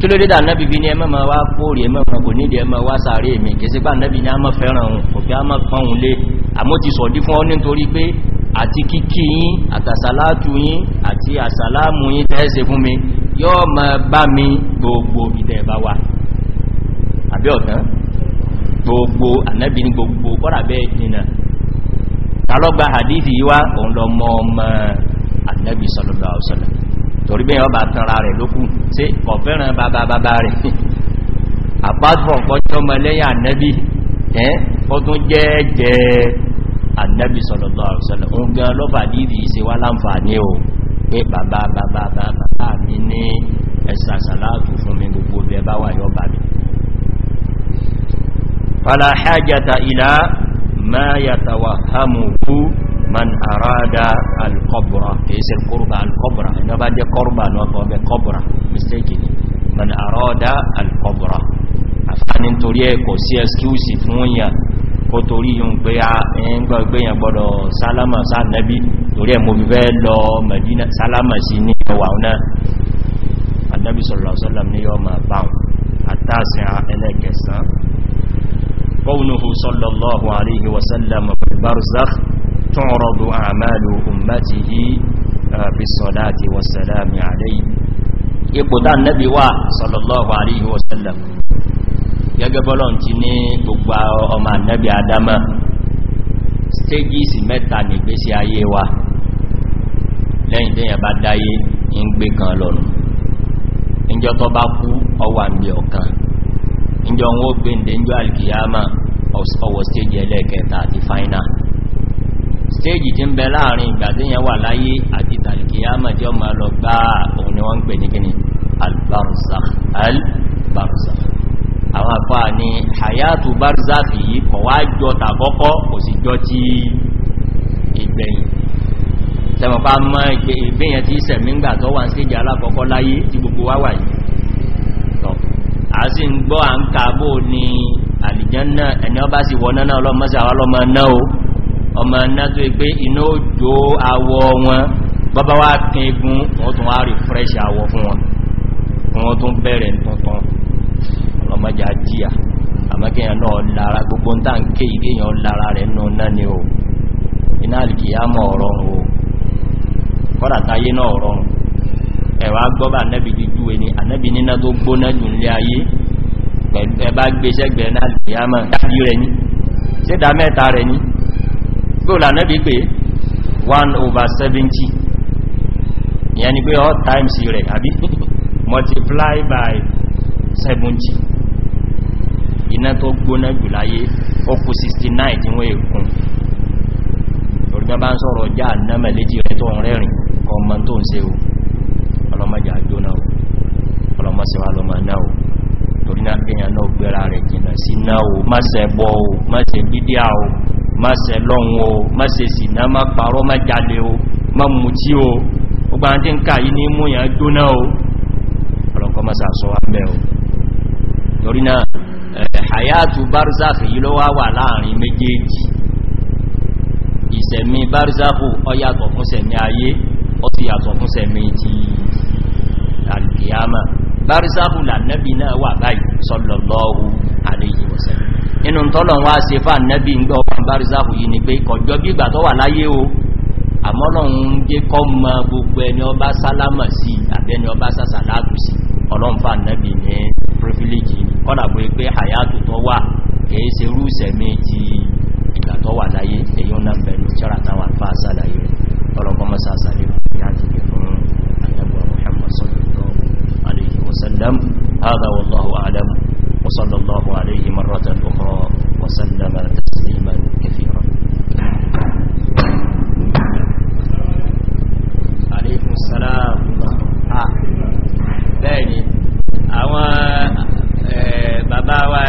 kí ló dédà náàbì bí ní ẹmọ́ ma wá kóòrì ẹmọ́ ma kò nídìí ẹmọ́ wá sàárè mi kèsí pà náàbì ní a mọ́ fẹ́ràn òun kò fí a mọ́ pọ́n òun lé àmọ́ ti sọ̀dí fún ọ nítorí pé àti kíkí yín àtàsàlátù yín àti àsàlámù yín tẹ́ẹ̀sẹ̀ fún mi yóò ma bá mi gbogbo ìdẹ̀ wà torí bí ọba tanra rẹ̀ lókù tí ọ̀fẹ́ràn bàbá bàbá rẹ̀ àpáàtùfọ̀ kọjọ́ mọ̀lẹ́yìn ànẹ́bí ẹ́ ó tún jẹ́ jẹ́ ànẹ́bí sallallahu alaihi wasallam òun gan lọ́fà dìdì ṣe wá láǹfààní o pé bàbá bàbá bàbá mi ní ẹ̀sàsàlátù fún mi gbogbo bẹ bá wà yọ bàbí fala ila ma yatawahamuhu man arada al-qabra kèèsè kọrùbà al-qabra ẹ̀nà bá jẹ́ kọrùbà ní ọkọ̀ ọbẹ̀ kọbùra mistake ni man arada al-qabra afáni torí ẹ kò sí ẹskúsì fún yà kó torí yùn pé a ah, ẹgbẹ́ ìgbẹ́yàn gbọ́dọ̀ sálámà sáàdẹ́bí torí ẹ mo fi fẹ́ lọ Madina تعرض أعمال أمته بالصلاة والسلام عليه ipòtà nẹ́bí wà sallallahu alayhi wa sallam gẹ́gẹ́ bọ́lọ̀ tí ní gbogbo ọmọ nẹ́bí adama stages mẹ́ta nìgbésí ayé wa lẹ́yìn tí yẹn bá dáyé ń gbé kan lọ́nà ìjọ tó bá kú ọwà ní ọ̀kan ìjọ wọn ó gbé ǹdẹ́ ìjọ alkiyama ọwọ̀ stage ẹlẹ́ẹ̀kẹta àti final stéèjì tí ń bẹ láàrin ìgbà tí yẹn wà láyé àti tàlìkìyàmà tí ó máa lọ gbá òun ni wọ́n ń pè ní kíni al-barzakh al-barzakh àwọn àpá ni hayatu barzakh yìí kọ̀ wá jọ tàkọ́kọ́ kò sì jọ ti ìgbẹ̀yìn tẹmọ̀pá mọ́ ìgbẹ̀yìn tí sẹ̀míngbà tó wà ń stéèjì alákọ̀ọ́kọ́ láyé tí gbogbo wá wà yìí a sì ọmọ náà tó pé iná òjò awọ wọn bọ́bá wá kín igun wọ́n tún wá refresh awọ fún wọn fún wọn tún bẹ̀rẹ̀ tuntun ọlọ́mọdé ajíyà àmọ́kíyàn náà lára gbogbo ń tàn ké ìgbéyàn lára rẹ̀ náà ni o iná alìkìyàmọ̀ ọ̀rọ̀rùn o kọ́dàtayé náà ọ̀rọ̀rùn ẹ̀wà gbọ́bà anẹ́bì jíjú ẹni anẹ́bì níná tó gbóná jù nílé ayé pẹ̀lú ẹbá gbéṣẹ́gbẹ̀ẹ́ náà alìkìyàmọ̀ dájú rẹ̀ ní ṣẹ́dá mẹ́ta rẹ̀ ní gbóòlà nẹ́bí pé 1 over 70 ìyẹn ni pé all times rẹ̀ àbí multiply by 70 iná tó gbóná jù láyé okù 69 tí wọ́n èkùn orígbá ń sọ̀rọ̀ já náà léjì rẹ̀ tó ń rẹ́rìn ọmọ tó ń se o ọlọ́mọjà jóná o ọlọ́mọsẹ̀wà lọ́mọ náà o torí náà kíyàn náà gbẹ́ra rẹ̀ jìnà sí náà o má ṣẹbọ o má ṣe o má ṣe lọ́hun o má ṣe sìná má parọ́ má jalè o má mú tí o ọgbà tí ń káyí ní múyàn jóná o ọ̀rọ̀kọ́ má sàṣọ́ wá bẹ́ o torí náà eh, hayatu barzakh yìí ló wá wà láàrin méjèèjì ìsẹ̀mí barzakhu ó yàtọ̀ fún sẹ̀mí ayé ó sì yàtọ̀ fún sẹ̀mí ti alkiyama barzakhu lànẹ́bì náà wà báyìí sallallahu alayhi wasallam inú tọ́lọ̀ wá se fà nẹ́bí ń gbọ́ ọkàn bárizáàkù yìí ni pé kọjọ́ bí ìgbà tó wà láyé o àmọ́lọ́run jẹ́ kọ́ mọ gbogbo ẹni ọba sálámà sí àbẹ́ni ọba sásàlátù sí ọlọ́run fà nẹ́bí ní privilege kọ́nà pé pé àyàtù tó wà kìí se rú هذا والله أعلم وصلى الله عليه مرة أخرى وسلم تسليما كثيرا عليكم السلام bẹ́ẹ̀ni àwọn bàbá wa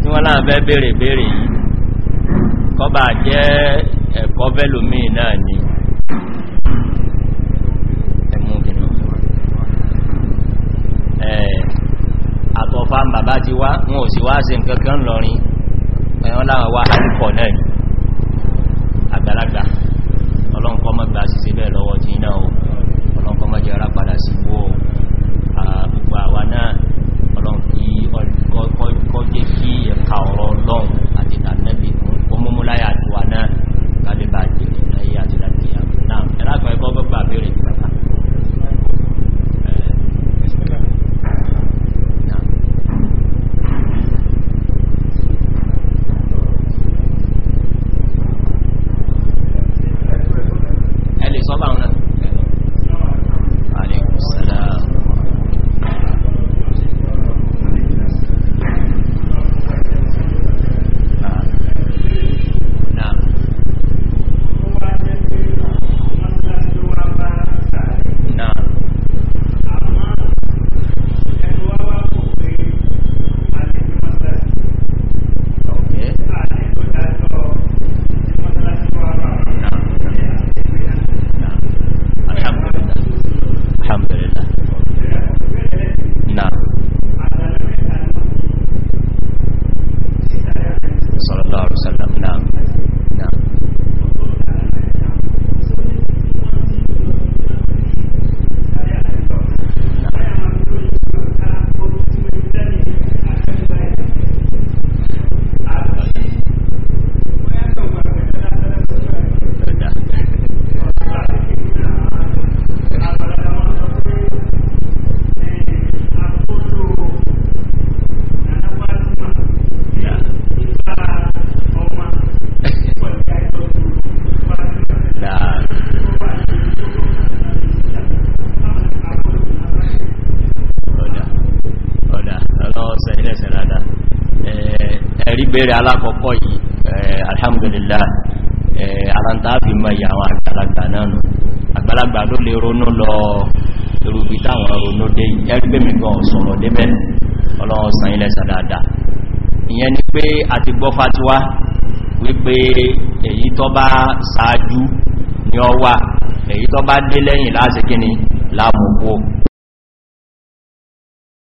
tí wọ́n láàá fẹ́ bèèrè bèèrè yìí kọba jẹ́ ẹ̀kọ́ fẹ́lòmí náà ni ọfà bàbá ti wá wọn ò sì wá sí nkankan lọrin ẹ̀yàn láwọn wá alìkọ̀ náà ni àgbàlagbà ọlọ́nkọ́ mọ́gbà sí sí bẹ́ẹ̀ lọ́wọ́ ti iná o ọlọ́nkọ́ mọ́jẹ́ ara padà sí bú o gbogbo àwa náà ọlọ́nkọ́jẹ́ kí ẹ̀ka ọ̀rọ̀ ọlọ́run àti ìdánẹ́bì omúmúláyà àti wà náà kálẹ̀bà àti ìrìnlẹ̀ àti ìdánẹ́bì náà ẹ̀rákan ẹgbọ́gbọ́gbà ìbéèrè alákọ̀ọ́kọ́ yìí eh, alhamdulillah eh, alántàáfì mọ́ ìyà àwọn àgbàlagbà náà nù àgbàlagbà ló lè ronú lọ torúbí táwọn ronú dé ẹgbẹ́mìkan ọ̀sọ̀rọ̀ débẹ̀ ọlọ́run sàn ilẹ̀ sàdáadáa ìyẹn ni pé a ti gbọ́ fatiwa wípé èyí tó bá sáájú ni ọ wà èyí tó bá dé lẹ́yìn láàṣẹ́kíní láàmùkú